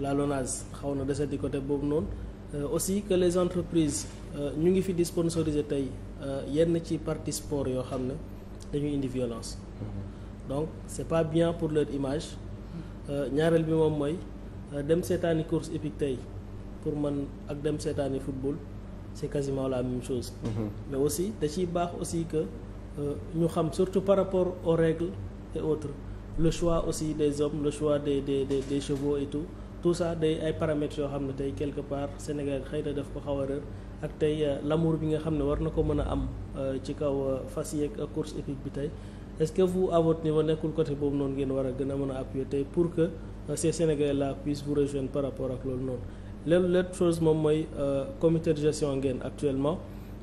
la LONASE xaw na desati côté boobu noonu euh, aussi que les entreprises euh, ñu ngi fi di sponsoriser tey yenn ci parti sport yoo xam ne dañuy indi violence mm-hmm. donc c'est pas bien pour leur image ñaareel bi moom mooy dem seetaani course hippique tey pour man ak dem seetaani football c'est quasiment la même chose mm -hmm. mais aussi da ciy baax aussi que euh, ñu xam surtout par rapport aux règles et autres le choix aussi des hommes le choix des des des, des chevaux et tout tout ça ay paramètres yoo xam ne tey quelque part Sénégal xëy na daf ko xaw a rër ak tey euh, l'amour bi nga xam ne war na ko mën a am euh, ci kaw fas yeeg course épique bi tey est-ce que vous à nekkul côté boobu noonu ngeen war a gën a mën a appuyer tey pour que ces Sénégalais là puissent vous rejoindre par rapport ak loolu noonu loolu l'autre chose moom mooy euh, comité de gestion ngeen actuellement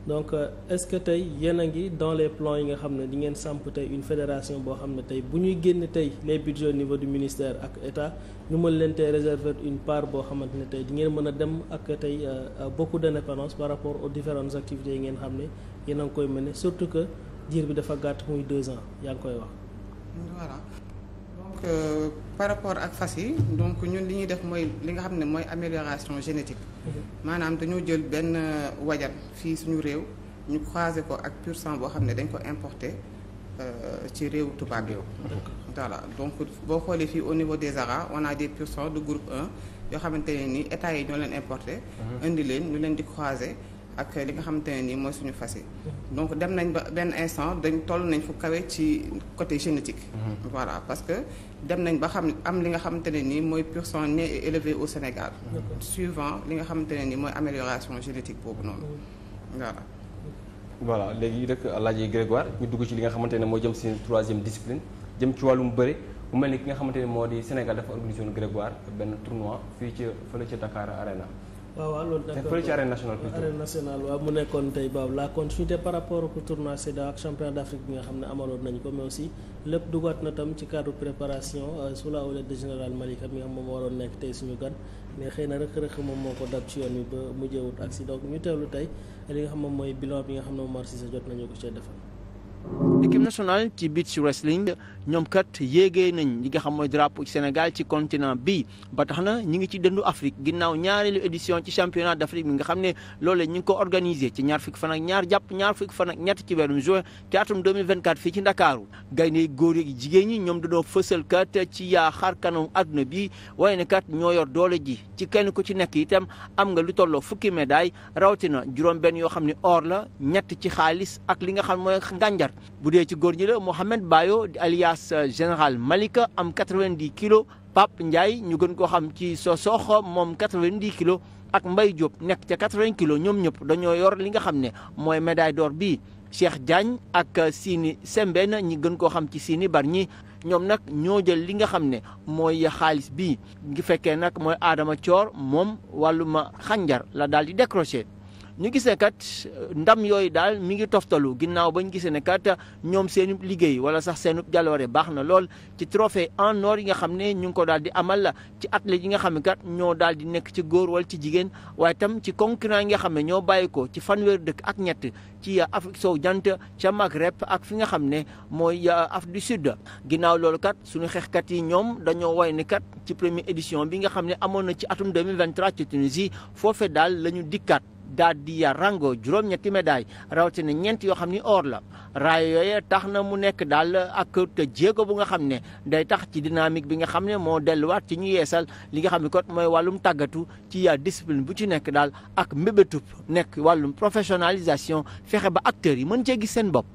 donc euh, est-ce que tey yéen a ngi dans les plans yi nga xam ne di ngeen samp tey une fédération boo xam ne tey bu ñuy génn tey les budgets au niveau du ministère ak état ñu mën leen tey réserver une part boo xamant ne tey dingeen mën a dem ak tey euh, beaucoup d'indépendance par rapport aux différentes activités yi ngeen xam ne yéen a ngi koy mener surtout que diir bi dafa gàtt muy deux ans yaa ngi koy wax. euh, par rapport ak fas yi donc ñun li ñuy def mooy li nga xam ne mooy amélioration génétique mhm. maanaam dañoo jël benn euh, wajan fii suñu réew ñu croisé ko ak pur san boo xam ne dañ ko importé euh, ci réew tubaab yow voilà donc boo xoolee fii au niveau des haras on a des pur sang de groupe 1 yoo xamante ne ni état yi ñoo leen importé mhm. indi leen ñu leen di croisé ak li nga xamante ne nii mooy suñu fas yi donc dem nañ ba benn instant dañ toll nañ fu kawe ci côté génétique mm-hmm. voilà parce que dem nañ ba xam am li nga xamante ne nii mooy pur sang né au Sénégal suivant li nga xamante ne nii mooy amélioration génétique boobu noonu voilà voilà léegi rek laaj Grégoire ñu dugg ci li nga xamante ne moo jëm si troisième discipline jëm ci wàllum bëre mu mel ni ki nga xamante ne moo di Sénégal dafa organisé woon Grégoire benn tournoi fii ci fële ca Dakar Arena waaw waaw loolu d'accord fële ci arène nationale plutôt nationale waaw mu nekkoon tey baabu la continuité par rapport au tournoi CEDEAO ak championnat d'Afrique bi nga xam ne amaloon nañu ko mais aussi lépp dugaat na tam ci cadre préparation euh, sous la houlette de général Malika mi nga xam moom waroon nekk tey suñu gan mais xëy na rëq-rëq moom moo ko dab ci yoon wi ba mujjewut ak si donc ñu teewlu tey li nga xam moom mooy bilan bi nga xam ne Omar Cissé jot nañu équipe nationale ci beach wrestling ñoom kat yéegee nañ li nga xam mooy drapeau ci Sénégal ci continent bi ba tax na ñi ngi ci dëndu Afrique ginnaaw ñaareelu édition ci championnat d'Afrique bi nga xam ne loolee ñu ngi ko organisé ci ñaar fikk fan ñaar jàpp ñaar fukki fan ak ñett ci weerum juin te atum 2024 fii ci Ndakaaru gaynde góor yi jigéen ñi ñoom dañoo fësal kat ci yaa xar kanam àdduna bi waaye ne kat ñoo yor doole ji ci kenn ku ci nekk itam am nga lu tolloo fukki médaille rawatina juróom benn yoo xam ne or la ñett ci xaalis ak li nga xam mooy ngànjar bu dee ci góor ñi la Mouhamed Bayo alias euh, général Malika am 90 kilos Pape Ndiaye ñu gën koo xam ci Sosokh moom 90 kilos ak Mbaye Diop nekk ca 80 kilos ñoom ñëpp dañoo yor li nga xam ne mooy médaille d'or bii Cheikh Diagne ak euh, Sini Sembène ñi gën koo xam ci siini bar ñi ñoom nag ñoo jël li nga xam ne mooy xaalis bi ngi fekkee nag mooy aadama Thior moom wàlluma xànjar la daal di décroché ñu gisee kat euh, ndam yooyu daal mi ngi toftalu ginnaaw bañ gisee ne kat ñoom seenub liggéey wala sax seenub jaloore baax na lool ci trophée en or yi nga xam ne ñu ngi ko daal di amal la ci athlètes yi nga xam ne kat ñoo daal di nekk ci góor wala ci jigéen waaye tam ci concurrent yi nga xam ne ñoo bàyyi ko ci fanweer dëkk ak ñett ci euh, Afrique sow jant ca Maghreb ak fi nga xam ne mooy euh, Afrique du Sud ginnaaw loolu kat suñu xeexkat yi ñoom dañoo woy ne kat ci première édition bi nga xam ne amoon na ci atum 2023 ci Tunisie foofee daal la ñu dikkaat daal di ya rango juróom-ñetti médaille rawatina ñeent yoo xam ni or la raay yooye tax na mu nekk daal ak te jéego bu nga xam ne day tax ci dynamique bi nga xam ne moo delluwaat ci ñu yeesal li nga xam ne ko mooy wàllum tàggatu ci ya discipline bu ci nekk daal ak mbébétub nekk wàllum professionnalisation fexe ba acteurs yi mën cee gis seen bopp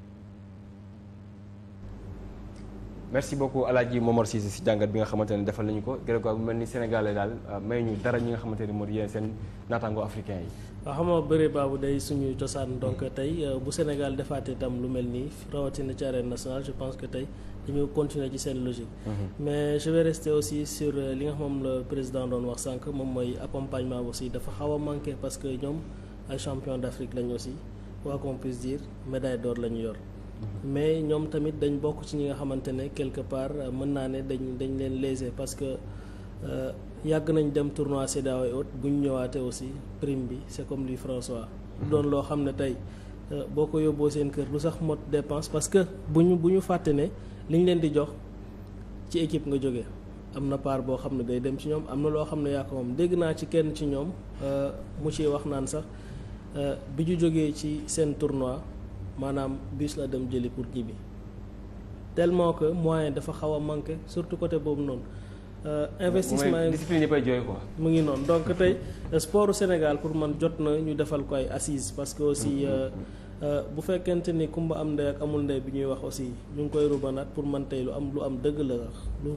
merci beaucoup El Hadj Momar Cissé si jàngat bi nga xamante ne defal nañu ko Grégoire bu mel ni Sénégalais daal euh, may ñu ñi nga xamante ne moo di seen naataango africain yi. waaw xam nga bëre baabu day suñuy cosaan donc tey euh, bu Sénégal defaatee itam lu mel nii rawatina ci arène nationale je pense que tey dañu continuer ci seen logique. Mhm. mais je vais rester aussi sur euh, li nga xam le président doon wax sànq moom mooy accompagnement aussi dafa xaw a manqué parce que ñoom ay champion d'Afrique lañu aussi quoi qu'on puisse dire médaille d'or lañu yor. Mhm. mais ñoom tamit dañ bokk ci ñi nga xamante ne quelque part euh, mën naa ne dañ dañ leen léser parce que. yàgg nañ dem tournoi CEDEAO et autres bu ñu ñëwaatee aussi prime bi c' est comme lui François. Mhm. doon loo xam ne tey euh, boo ko yóbboo seen kër lu sax mot depense parce que bu ñu bu ñu fàtte ne li ñu leen di jox ci équipe nga jóge am na part boo xam ne day dem ci ñoom am na loo xam ne yaa ko moom dégg naa ci kenn ci ñoom euh, mu ciy wax naan sax euh, bi ñu jógee ci seen tournoi maanaam bus la dem jëli pour ñibbi telement que moyen dafa xaw a manqué surtout côté boobu noonu. Euh, investissement yi discipline yi koy jooy quoi. mu ngi noonu donc tey euh, sportu Sénégal pour man jot na ñu defal ko ay parce que aussi. Mm-hmm. Euh, bu fekkente ni kumba am ndey ak amul ndey bi ñuy wax aussi ñu ngi koy rubanaat pour man tey lu am lu am dëgg la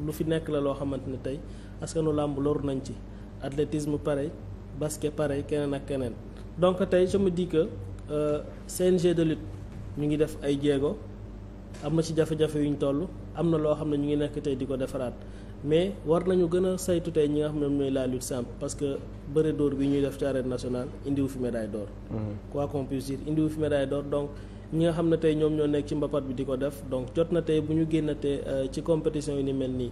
lu fi nekk la loo xamante ne tey askanu làmb loru nañ ci athlétisme pareil basket pareil keneen ak keneen. donc tey je me dis que CNG de lutte ñu ngi def ay jéego am na ci jafe-jafe yu ñu toll am na loo xam ne ñu ngi nekk tey di ko defaraat. mais war nañu gën a saytu tey ñi nga xam ne ñooy la lutte simple parce que bëre d'or bi ñuy def ci arène nationale indiwu fi médaille d'or mhm. quoi qu'on puisse dire indiwu fi médaille d'or donc ñi nga xam ne tey ñoom ñoo nekk ci mbapat bi di ko def donc jot na tey bu ñu génnatee euh, ci compétition yi ni mel nii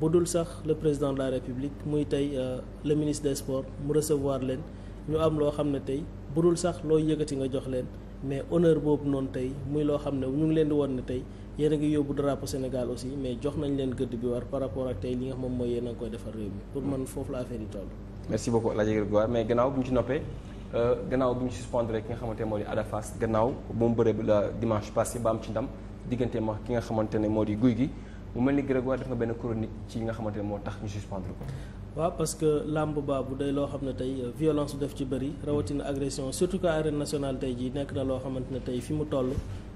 bu dul sax le président de la république muy tey euh, le ministre des sports mu recevoir leen ñu am loo xam ne tey bu dul sax looy yëkkati nga jox leen mais honneur boobu noonu tey muy loo xam ne ñu ngi leen di won ne tey yéen ngi yóbbu drapeau Sénégal aussi mais jox nañ leen gëdd bi war par rapport ak tey li nga xam moom mooy yéen a ngi koy defar réew mi pour man foofu la affaire yi toll. merci beaucoup El Hadj Grégoire mais gannaaw bu ñu ci noppee euh, gannaaw bu xamante ne moo di Ada la dimanche passé ba am ci ndam diggante ma ki nga xamante moo di guy gi mu mel ni Grégoire def nga benn chronique ci nga xamante moo tax ñu suspendre ko. waaw parce que làmb baabu day loo xam ne tey euh, violence bu def ci bëri rawatina agression surtout que nekk na loo xamante ne tey fi mu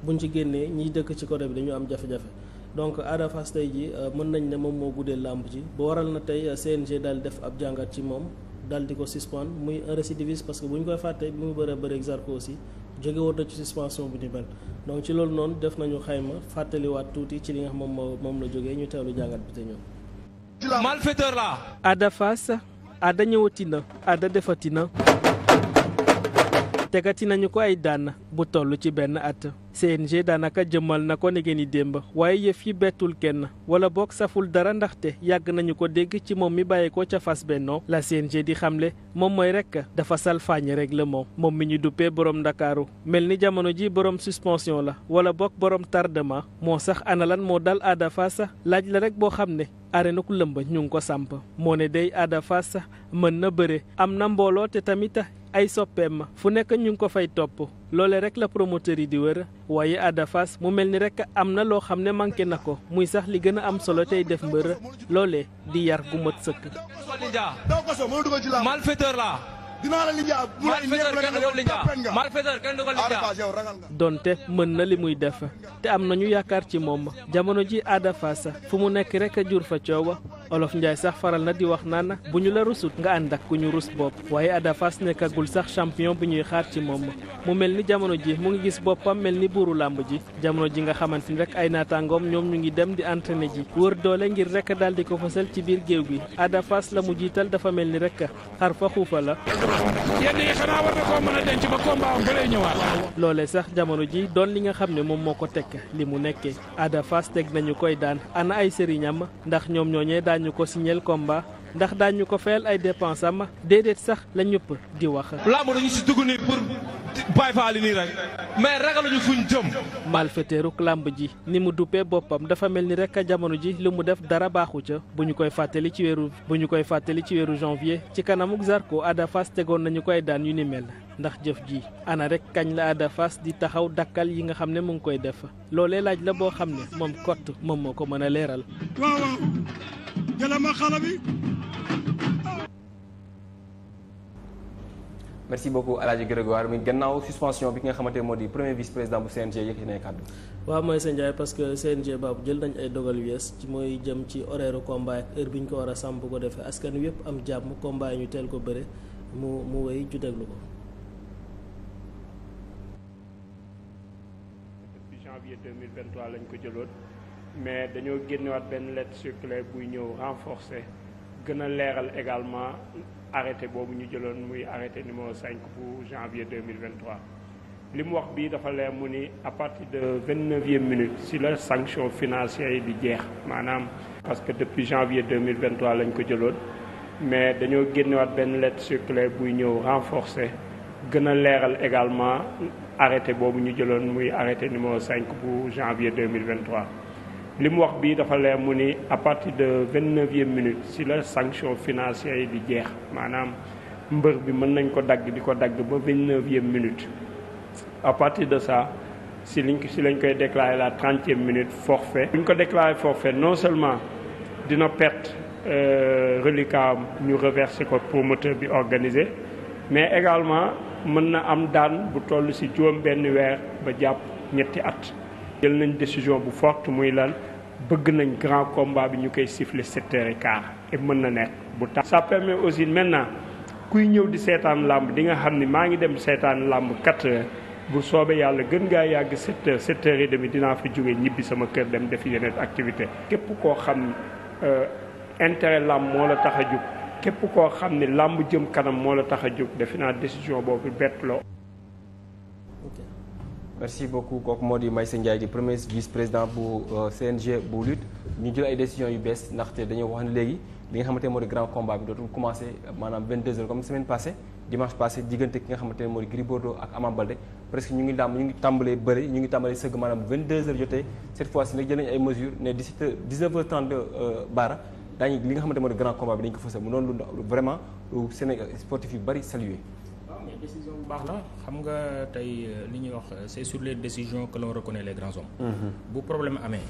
buñ ci génnee ñiy dëkk ci côté bi dañu am jafe-jafe donc Ada Fass tey ji euh, mën nañ ne moom moo guddee làmb ji ba waral na tey euh, CNG daal def ab jàngat ci moom daal di ko suspendre muy un récidiviste parce que bu ñu koy fàtte bi mu bëree bëri Zarco aussi jóge woon na ci suspension bu ni mel donc ci loolu noon def nañu xayma fàttaliwaat tuuti ci li nga xam moom moom la jógee ñu teewlu jàngat bi te ñoom. malfaiteur la. Ada Fass Ada ñëwati na Ada defati na tegati nañu ko ay daan bu toll ci benn at CNG daanaka jëmmal na ko negeen i démb waaye yëf yi bettul kenn wala boog saful dara ndaxte yàgg nañu ko dégg ci moom mi bàyyi ko ca fas bennoo la CNG di xamle moom mooy rek dafa sal salfaañe règlement moom mi ñu duppee borom ndakaaru mel ni jamono ji borom suspension la wala boog borom tardement moo sax analan moo dal aada sax laaj la rek boo xam ne arena ku lëmb ñu ngi ko sàmp moo ne day aada fas mën na bëre am na mbooloo tamit ay soppeem fu nekk ñu ngi ko fay topp loole rek la promoteur yi di wër waaye Ada mu mel ni rek am na loo xam ne manqué na ko muy sax li gën a am solo tey def mbër loole di yar gu mat sëkk. malfaiteur la. donte mën na li muy def te am nañu yaakaar ci moom jamono ji Ada fu mu nekk rek a jur fa coow olof Ndiaye sax faral na di wax naan bu ñu la rusut nga ànd ak ku ñu rus bopp waaye Ada Fass nekkagul sax champion bu ñuy xaar ci moom mu mel ni jamono ji mu ngi gis boppam mel ni buuru làmb ji jamono ji nga xamante ni rek ay naataangoom ñoom ñu ngi dem di entraîné ji wër doole ngir rek daal di ko fësal ci biir géew gi Ada la mu jiital dafa mel ni rek xar fa xuufa la. yenn yi xanaa war na koo mën a denc ba combat ba lay ñëwaat. loolee sax jamono ji doon li nga xam ne moom moo ko tekk li mu nekkee Ada teg nañu koy daan ana daañu ko signel combat ndax daañu ko fayal ay dépense am déedéet sax la di wax. làmb dañu si dugg nii jëm. malfaiteuru làmb ji ni mu duppee boppam dafa mel ni rek jamono ji li mu def dara baaxu ca bu ñu koy fàttali ci weeru bu ñu koy fàttali ci weeru janvier ci kanamuk Zarko Ada Fass tegoon nañu koy daan yu ni mel. ndax jëf ji ana rek kañ la Ada di taxaw dakkal yi nga xam ne mu ngi koy def loolee laaj la boo xam ne moom kott moom moo ko mën a leeral. jëla ma xale bi merci mi gannaaw suspension bi ki nga xamante moo di premier vice président bu CNG yëkkati nay kàddu. waaw mooy sëñ Ndiaye parce que CNG baabu jël nañ ay dogal yu ci mooy jëm ci horaire combat ak heure bi ñu ko war a sàmm bu ko defee askan wi yëpp am jàmm combat ñu teel ko bëre mu mu wéy ju déglu ko. depuis janvier lañ ko jëloon. mais dañoo génnewaat benn lettre circulaire buy ñëw renforcer gën a leeral également arrêté boobu ñu jëloon muy arrêté numéro 5 bu janvier 2023 li mu wax bii dafa leer mu ni à partir de vingt neuvième minute si la sanction financière yi jeex maanaam parce que depuis janvier 2023 lañ ko jëloon mais dañoo génnewaat benn lettre circulaire buy ñëw renforcer gën a leeral également arrêté boobu ñu jëloon muy arrêté numéro 5 bu janvier 2023 li mu wax bii dafa leer mu ni à partir de vingt-neuvième minute si la sanction financière yi di jeex maanaam mbër bi mën nañ ko dagg di ko dagg ba vingt-neuvième minute à partir de ça si liñ si lañ koy déclarer la trentième minute forfait bu ñu ko déclarer forfait non seulement dina perte euh, reliquat ñu reverser ko promoteur bi organisé mais également mën na am daan bu toll si juróom benn weer ba jàpp ñetti at jël nañ décision bu fort muy lan bëgg nañ grand combat bi ñu koy siffler sept heures et quart mën na nekk bu tax ça permet aussi maintenant kuy ñëw di seetaan làmb di nga xam ni maa ngi dem seetaan làmb quatre bu soobee yàlla gën ngaa yàgg sept heures yi heures dinaa fa jóge ñibbi sama kër dem defi yeneen activité képp koo xam ni euh, intérêt làmb moo la tax a jóg képp koo xam ni làmb jëm kanam moo la tax a jóg defe naa décision boobu bett loo merci beaucoup kooku moo di Maysa Ndiaye di premier vice président bu euh, CNG bu lutte ñu jël ay décisions yu bees ndaxte dañoo wax na léegi li nga xamante moo di grand combat bi dootul commencé maanaam 22h comme semaine passée dimanche passé diggante ki nga xamante ne moo di Gris Bordeaux ak Ama Baldé presque ñu ngi daam ñu ngi tàmbalee bëri ñu ngi tàmbalee sëgg maanaam 22 jotee cette fois ci nag jël nañu ay mesures ne 17 h euh, baara daañu li nga xamante ne moo di grand combat bi mais décision bu xam nga tey euh, li ñuy wax euh, c'est sur les décisions que l'on reconnaît les grands hommes. Mm-hmm. bu problème amee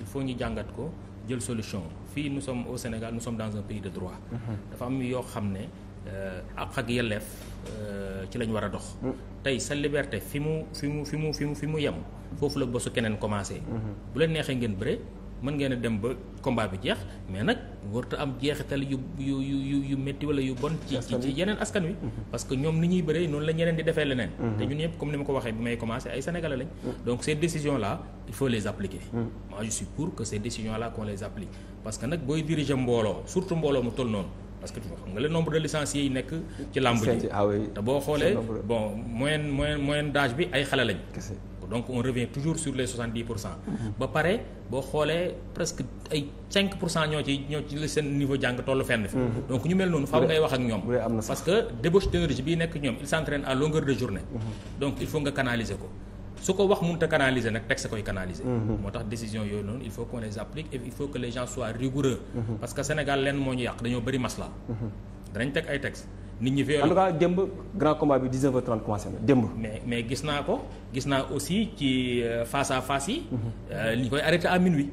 il faut ñu jàngat ko jël solution fii nous sommes au Sénégal nous sommes dans un pays de droit. Mm-hmm. dafa am yoo xam ne euh, ak ak yelleef ci lañ war a dox. Mm. tey sa liberté fi mu fi mu fi mu fi mu yem foofu la bosu keneen commencé. Mm-hmm. bu leen neexee ngeen bëre. mën ngeen a dem ba combat bi jeex mais nag warta am jeexital yu yu yu yu métti wala yu bon. ci ci yeneen askan wi. Mhm. parce que ñoom ni ñuy bëree noonu la ñeneen di defee leneen. Mhm. te ñun ñëpp comme ni ma ko waxee bi may commencé ay sénégalais lañ. Mhm. donc ces décisions là il faut les appliquer. moi je suis pour que ces décisions là qu'on les applique parce que nag booy diriger mbooloo surtout mbooloo mu toll noonu. parce que xam nga le nombre de ah te boo xoolee bon moyenne moyenne moyenne d'âge bi ay xale lañ. donc on revient toujours sur les 70 pour cent. ba pare boo xoolee presque ay 5 pour cent ñoo ci ñoo ci la seen niveau jàng tollu fenn fi. Mhm. donc ñu mel noonu faaw ngay wax ak ñoom. parce que débauche d'énergie bii nekk ñoom ils s'entraînent à longueur de journée. Mhm. donc il faut nga canaliser ko. su ko wax mënut canaliser nag texte koy canaliser. Mhm. moo tax décision yooyu noonu il faut que les gens soient rigoureux. parce que Sénégal lenn moo ñu yàq dañoo gis naa aussi ci euh, face à face yi. Euh, li ñu koy arrêté à minuit.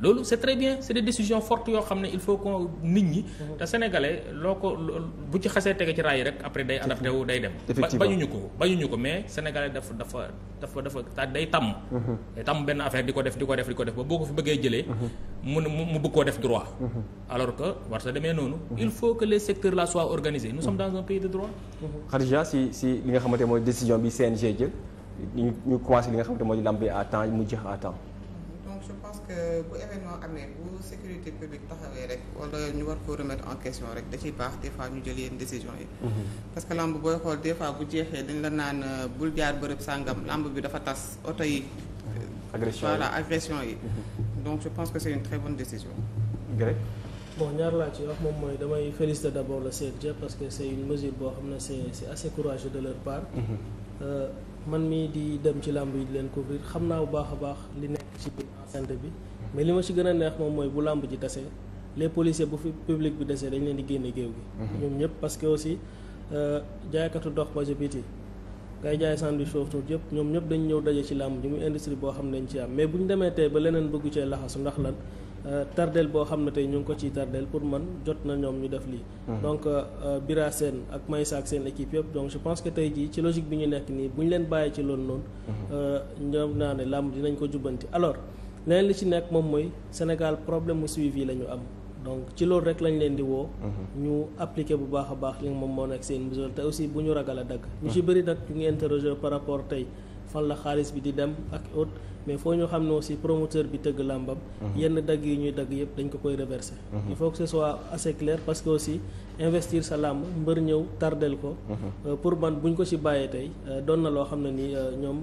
loolu c' très bien c' est des décisions yoo xam ne il faut qu'on nit ñi. Mhm. te sénégalais loo ko bu ci xasee tege ci raay rek après day adapté wu day dem. effectivement bañuñu ko bañuñu ko mais sénégalais dafa dafa dafa dafa day tàmm. Mhm. tàmm benn affaire di ko def di ko def ba boo ko fi bëggee jëlee. Mhm. mu ne mu bëgg koo def droit. alors que war sa demee noonu. il faut que les secteurs là soient organisés nous sommes dans un pays de droit. Khadija si si li nga xamante mooy décision bi CNG ñu ñu commencé li nga xamante moo di lamb bi à mu jeex à donc je pense que bu événement amee bu sécurité publique taxawee rek wala ñu war ko remettre en question rek da ciy baax des ñu jël yenn décision yi. Mm-hmm. parce que lamb booy xool des fois bu jeexee dañ la naan euh, bul jaar bërëb sàngam lamb bi dafa tas oto yi. Euh, agression yi voilà yi. Mm-hmm. donc je pense que c'est une très bonne décision. Greg. bon ñaar laa ci wax moom mooy damay féliciter d'abord le CNG parce que c'est de leur part. Mm-hmm. Euh, man mii di dem ci làmb yi di leen couvrir xam naa bu baax a baax li nekk ci biir enceinte bi mais li ma ci gën a neex moom mooy bu làmb ji tase les policiers bu fi public bi desee dañ leen di génne géew gi mhm. ñoom ñëpp parce que aussi euh, jaaykatu dox ba biti ngay jaay sandwich foofu noonu yëpp ñoom ñëpp dañ ñëw daje ci làmb ji muy industrie boo xam ne dañ ci am mais bu ñu demee tey ba leneen bëggu cee laxasu ndax lan tardeel boo xam ne tey ñu ngi ko ciy tardeel pour man jot na ñoom ñu def lii. Hmm. donc euh, euh, Bira Sène ak Maïssa ak seen équipe yëpp je pense que tey jii ci logique bi ñu nekk nii bu ñu leen bàyyi ci loolu noonu. Hmm. Euh, ñoom naa ne làmb dinañ ko jubbanti alors leneen li ci nekk moom mooy Sénégal problème mu suivi la ñu am. donc ci loolu rek lañ leen di woo. Hmm. ñu appliquer bu baax a baax li moom moo nekk seen mesure te aussi bu ñu ragal a dagg. ñu ci bëri nag ñu ngi interroger fan la xaalis bi di dem ak autre mais foo ñoo xam ne aussi promoteur bi tëgg làmbam mhm. yenn dagg yi ñuy dagg yëpp dañ ko koy reverser mhm. il faut que ce soit assez clair parce que aussi investir sa làmb mbër ñëw tardel ko mhm. euh, pour man buñ ko ci bàyyee tey euh, doon na loo xam ne nii euh, ñoom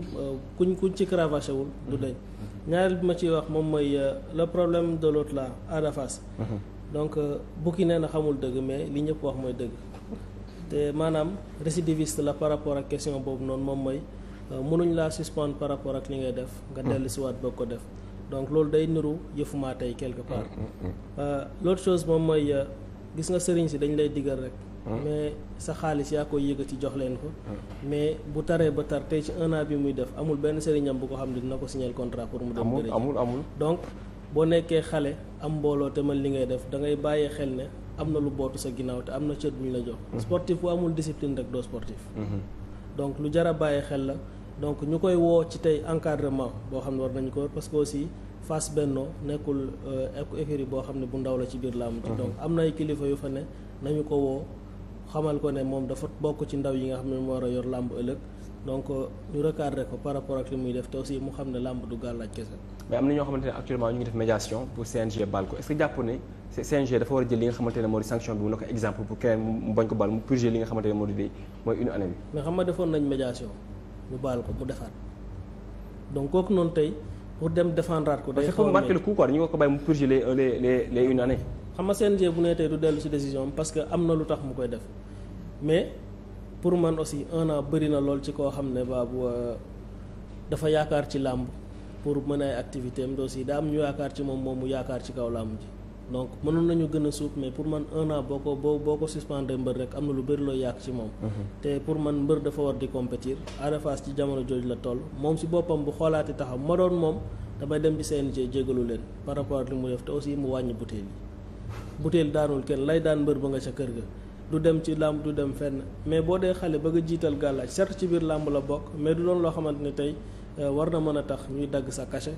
kuñ kuñ ci cravaché wul du dañ ñaareel bi ma ciy wax moom mooy le problème de l'autre la face donc bukki nee na xamul dëgg mais li ñëpp wax mooy dëgg te maanaam récidiviste la par rapport ak question boobu noonu moom mooy Euh, mënuñ laa suspendre par rapport ak li ngay def nga dellu siwaat boo ko def donc loolu day niru yëfumaa tey quelque part mm, mm, mm. Euh, l'autre chose moom mooy euh, gis nga sëriñ si dañ lay digal rek mais sa xaalis yaa koy ci jox leen ko mais bu taree ba tar tey ci un bi muy def amul benn sëriñam bu ko xam ne dina ko signer contrat pour mu dem amul amul amul donc boo nekkee xale am mbooloo te li ngay def da ngay bàyyee xel ne am na lu bootu sa ginnaaw te am na cër bu ñu la jox sportif bu amul discipline rek doo sportif mm-hmm. donc lu jar a bàyyi xel la donc ñu koy woo ci tey encadrement boo xam ne war nañu ko parce que aussi Fass Benno nekkul euh, écurie boo xam ne bu ndaw la ci biir làmb ji mhm. donc am ay kilifa yu fa ne ko woo xamal ko ne moom dafa bokk ci ndaw yi nga xam ne moo yor làmb ëllëg donc euh, ñu recadré ko par rapport ak li muy def te aussi mu xam ne làmb du gàllaaj kese. mais am na ñoo xamante ne actuellement ñu ngi def médiation pour CNG baal ko est jàpp ne CNG dafa war a jël li nga xamante ne moo di sanction bi mu ne ko exemple pour keneen mu bañ ko baal mu purger li nga xamante ne moo di mooy une année defoon nañ médiation. ñu baal ko mu defaat donc kooku noonu tey pour dem défendraat ko. day xaw a marqué le coup ko ko bàyyi mu purger les les les les une année. bu ne tey du dellu ci décision am parce que am na lu tax mu koy def mais pour man aussi un an bëri na lool ci koo xam ne baa baabu euh, dafa yaakaar ci làmb pour mën ay activité am aussi daa am ñu yaakaar ci moom moom mu yaakaar ci kaw làmb ji. donc mënoon nañu gën a suuf mais pour man un boo ko boo boo ko suspendre mbër rek am na lu bëri loo yàq ci moom. Mhm. te pour man mbër dafa war di compétir Ada Fass ci jamono jooju la tool moom si boppam bu xoolaati taxaw ma doon moom damay dem ci CNG jégalu leen par rapport ak li mu def te aussi mu wàññi butéel yi butéel daanul kenn lay daan mbër ba nga ca kër ga. du dem ci làmb du dem fenn mais boo dee xale bëgg a jiital gàllaaj certes ci biir làmb la bokk mais du doon loo xamante ne tey euh, war na mën a tax ñuy dagg sa cachet.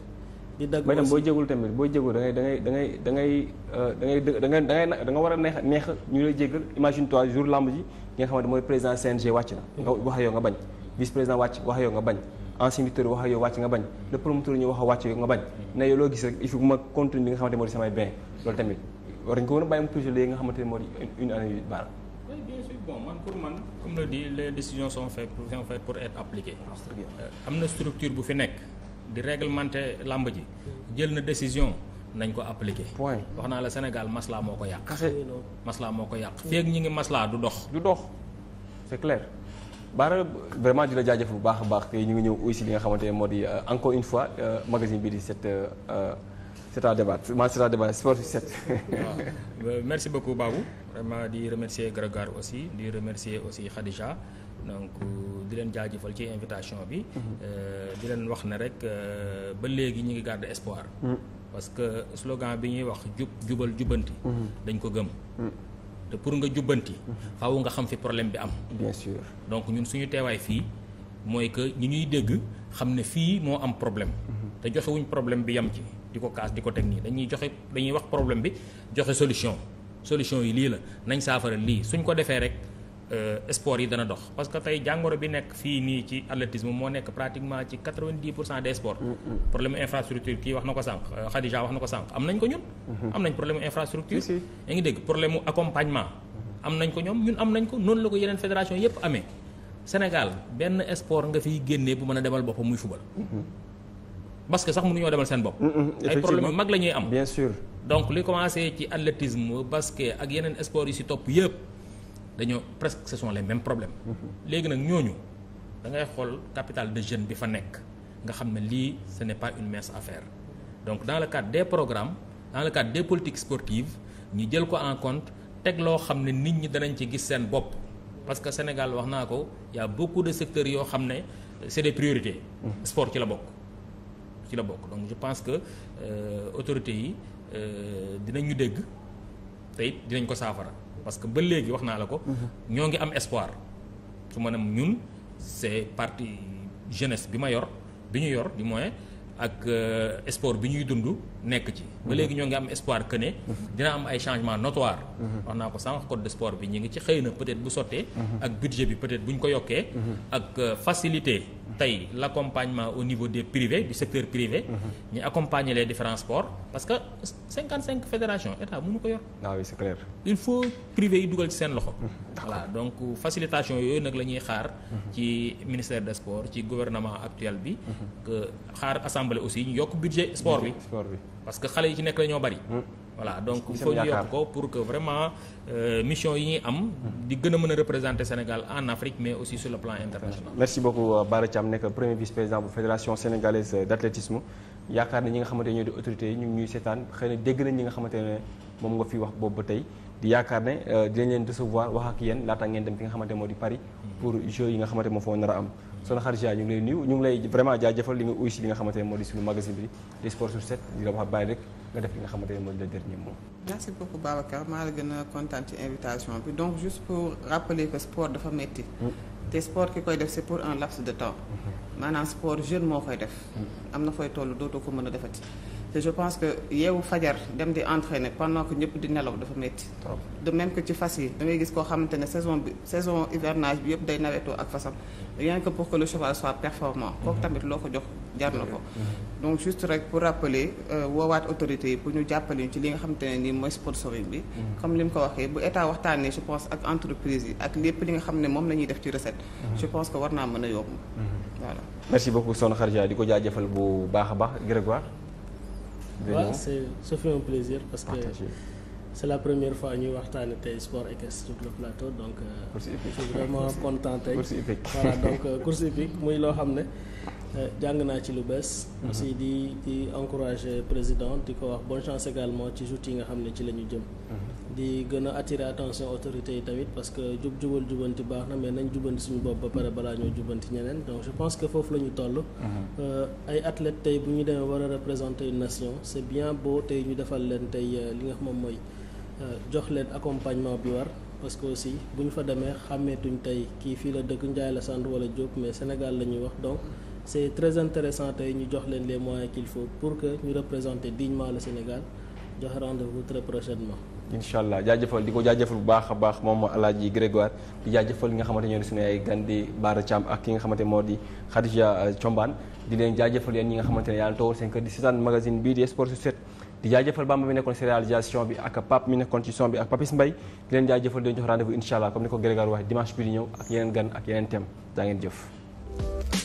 di dagg mais boo jégul tamit boo jégul da ngay da ngay da ngay da euh, ngay da ngay da ngay da nga war a neex neex ñu lay jégal imagine toi jour lamb ji nga xamante mooy président CNG wàcc na. nga wax yow nga bañ vice président wàcc wax yow nga bañ. ancien lutteur wax yow wàcc nga bañ le promoteur ñu wax wàcc nga bañ. ne yow loo gis rek il faut que ma continue li nga xamante moo di samay bien loolu tamit war nañu ko war a bàyyi mu toujours léegi nga xamante ne moo di une année yu baal. oui bien sûr bon man pour man comme le dit les décisions sont faites pour sont faites pour être appliquées. Ah, euh, am na structure bu fi nekk. di réglementer làmb ji jël na décision nañ ko appliqué. point wax naa la Sénégal maslaa moo ko yàq. kase maslaa moo ko yàq. feeg ñi ngi maslaa du dox. du dox c'est clair. Baara vraiment di la jaajëf bu baax a baax te ñu ngi ñëw aussi li nga xamante ne moo di euh, encore une fois euh, magazine bi di set c'est euh, à débattre maa c'est à débattre sport 7. waaw merci beaucoup Babou vraiment di remercier Grégoire aussi di remercier aussi Khadija. donc di leen jaajëfal ci invitation bi. Mhm. Euh, di leen wax na rek euh, ba léegi ñu ngi garder espoir. Mhm. parce que slogan bi ñuy wax jub jubal jubanti. Mhm. dañ ko gëm. te pour nga jubbanti. xaw nga xam fi problème bi am. bien donc ñun suñu teewaay fii mooy que ñu ñuy dégg xam ne fii moo am problème. te joxewuñ problème bi yam ci di ko kaas di ko teg dañuy joxe dañuy wax problème bi joxe solution solution yi lii la nañ saafara lii suñ ko defee rek. Euh, sport yi dana dox parce que tey jàngoro bi nekk fii nii ci athlétisme moo nekk pratiquement ci quatre-vingt-dix pour cent des mm, mm. problème infrastructure kii wax na ko sànq euh, Khadija wax na ko sànq am nañ ko ñun. Mm-hmm. am nañ problème infrastructure. yaa ngi dégg problème mu accompagnement. am ko ñoom ñun am nañ ko noonu la ko yeneen fédération yépp amee Sénégal benn sport nga fiy génnee bu mën a demal boppam muy football. Mm-hmm. parce que sax mënuñoo demal seen bopp. ay problème mag la ñuy am. bien sûr donc li commencé ci athlétisme basket ak yeneen sport yu si topp yépp. dañoo presque ce sont les mêmes problèmes. Mhm. léegi nag ñooñu da ngay xool capital de jeune bi fa nekk nga xam ne lii ce n'est pas une mince affaire donc dans le cadre des programmes dans le cadre des politiques sportives ñu jël ko en compte teg loo xam ne nit ñi danañ ci gis seen bopp. parce que Sénégal wax naa ko yaa a beaucoup de secteurs yoo xam ne c'est des priorité mhm. sport ci la bokk ci la bokk donc je pense que euh, autorités yi euh, dinañu dégg. te it dinañ ko saafara parce que ba léegi wax naa la ko. Mhm. ñoo ngi am espoir. su ma ne ñun c'est parti jeunesse bi ma yor bi ñu yor du moins ak euh, sport bi ñuy dund nekk ci. ba léegi ñoo ngi am espoir que ne. Mhm. dina am ay changements notoires. Mhm. wax naa ko sànq code de bi ñu ngi ci xëy na peut-être bu sottee. ak budget bi peut-être bu ñu ko yokkee. ak euh, facilité. tey l' accompagnement au niveau des privés du secteur privé. Mhm. ñu accompagner les différents sports parce que 55 fédérations état mënu ko yor. ah oui c' est clair. il faut privé yi dugal ci seen loxo. Mhm, voilà donc euh, facilitation yooyu nag la ñuy xaar. Mhm. ci ministère des sports ci gouvernement actuel bi. xaar assemblée aussi ñu yokk budget sport bi. sport bi parce que xale yi ci nekk la ñoo bari. voilà donc il faut pour que vraiment euh, mission yi ñuy am. di gën a mën a représenter Sénégal en Afrique mais aussi sur le plan international. merci beaucoup euh, Bara Thiam nekk premier vice-président bu fédération sénégalaise euh, d'athlétisme yaakaar na ñi nga xamante ne ñoo di autorités yi ñu ngi ñuy seetaan xëy na dégg nañ ñi nga xamante ne moom nga fi wax boobu ba tey. di yaakaar ne euh, dinañ leen recevoir wax ak yéen laata ngeen dem fi nga xamante moo di Paris pour jeux yi nga xamante moo foo nar a am a xarja ñu ngi lay nuyu ñu ngi lay vraiment jaajëfal li nga uy si li nga xamante moo di suñu magazine bi di sport sur 7 di la wax bàyyi rek nga def li nga xamante moo di le dernier mot merci beaucoup Babacar maa la gën a kontaan ci invitation bi donc juste pour rappeler que sport dafa métti mm. te sport ki koy def pour un laps de temps mm-hmm. maanaam sport jeune moo koy def mm. am na fooy toll dootoo ko mën a defati te je pense que yeewu fajar dem di entraîner pendant que ñëpp di nelaw dafa métti de même que ci fas yi da ngay gis koo xamante ne saison bi saison hivernage bi yëpp day nawetoo ak fasam rien que pour que le cheval soit performant mhm. kooku tamit loo ko jox jar na ko mhm. donc juste rek pour rappeler euh, woowaat autorités yi pour ñu jàppale ci li nga xamante ne nii mooy sponsoring bi mhm. comme li mu ko waxee bu état waxtaanee je pense ak entreprise yi ak lépp li nga xam ne moom la ñuy def ci pense que war naa mën a yomb voilà merci beaucoup Sokhna Khadija di ko jaajëfal bu a voilà c'est ça fait un plaisir parce que c'est la première fois ñuy waxtaane tey sport équestre sur le plateau donc euh, je suis vraiment content tey voilà donc euh, course hippique muy loo xam ne euh, jàng naa ci lu bees mhm. aussi di di encourager président di ko wax bonne chance également ci joutes yi nga xam ne ci la ñu jëm mhm. di gën a attirer attention autorités yi tamit parce que jub jubal jubanti baax na mais nañ jubanti suñu bopp ba pare balaa ñoo jubanti ñeneen donc je pense que foofu la toll. Mm-hmm. Euh, ay athlètes tey bu ñu demee war a une nation c'est bien beau tey ñu defal leen tey euh, li nga xam moom euh, jox leen accompagnement bi war. parce que aussi bu ñu fa demee xàmmeetuñ tey kii fii la dëkk Ndiaye la sant wala Diop mais Sénégal la ñuy wax donc c'est très intéressant tey ñu jox leen les moyens qu'il faut pour que ñu représenter dignement le Sénégal joxe rendez incha allah jaajëfal di ko jaajëfal bu baax a baax moom alaaji Grégoire di jaajëfal li nga xamante ñoo di suñu ay gan di Baara Thiam ak ki nga xamante moo di Khadija euh, Thiombane di leen jaajëfal yéen ñi nga xamante ne yàlla toogal seen kër di seetaan magazine bii di sport sur 7 di jaajëfal Bamba mi nekkoon si réalisation bi ak Pape mi nekkoon ci son bi ak Papis Mbaye di leen jaajëfal di leen jox rendez-vous incha comme ni ko Grégoire waxee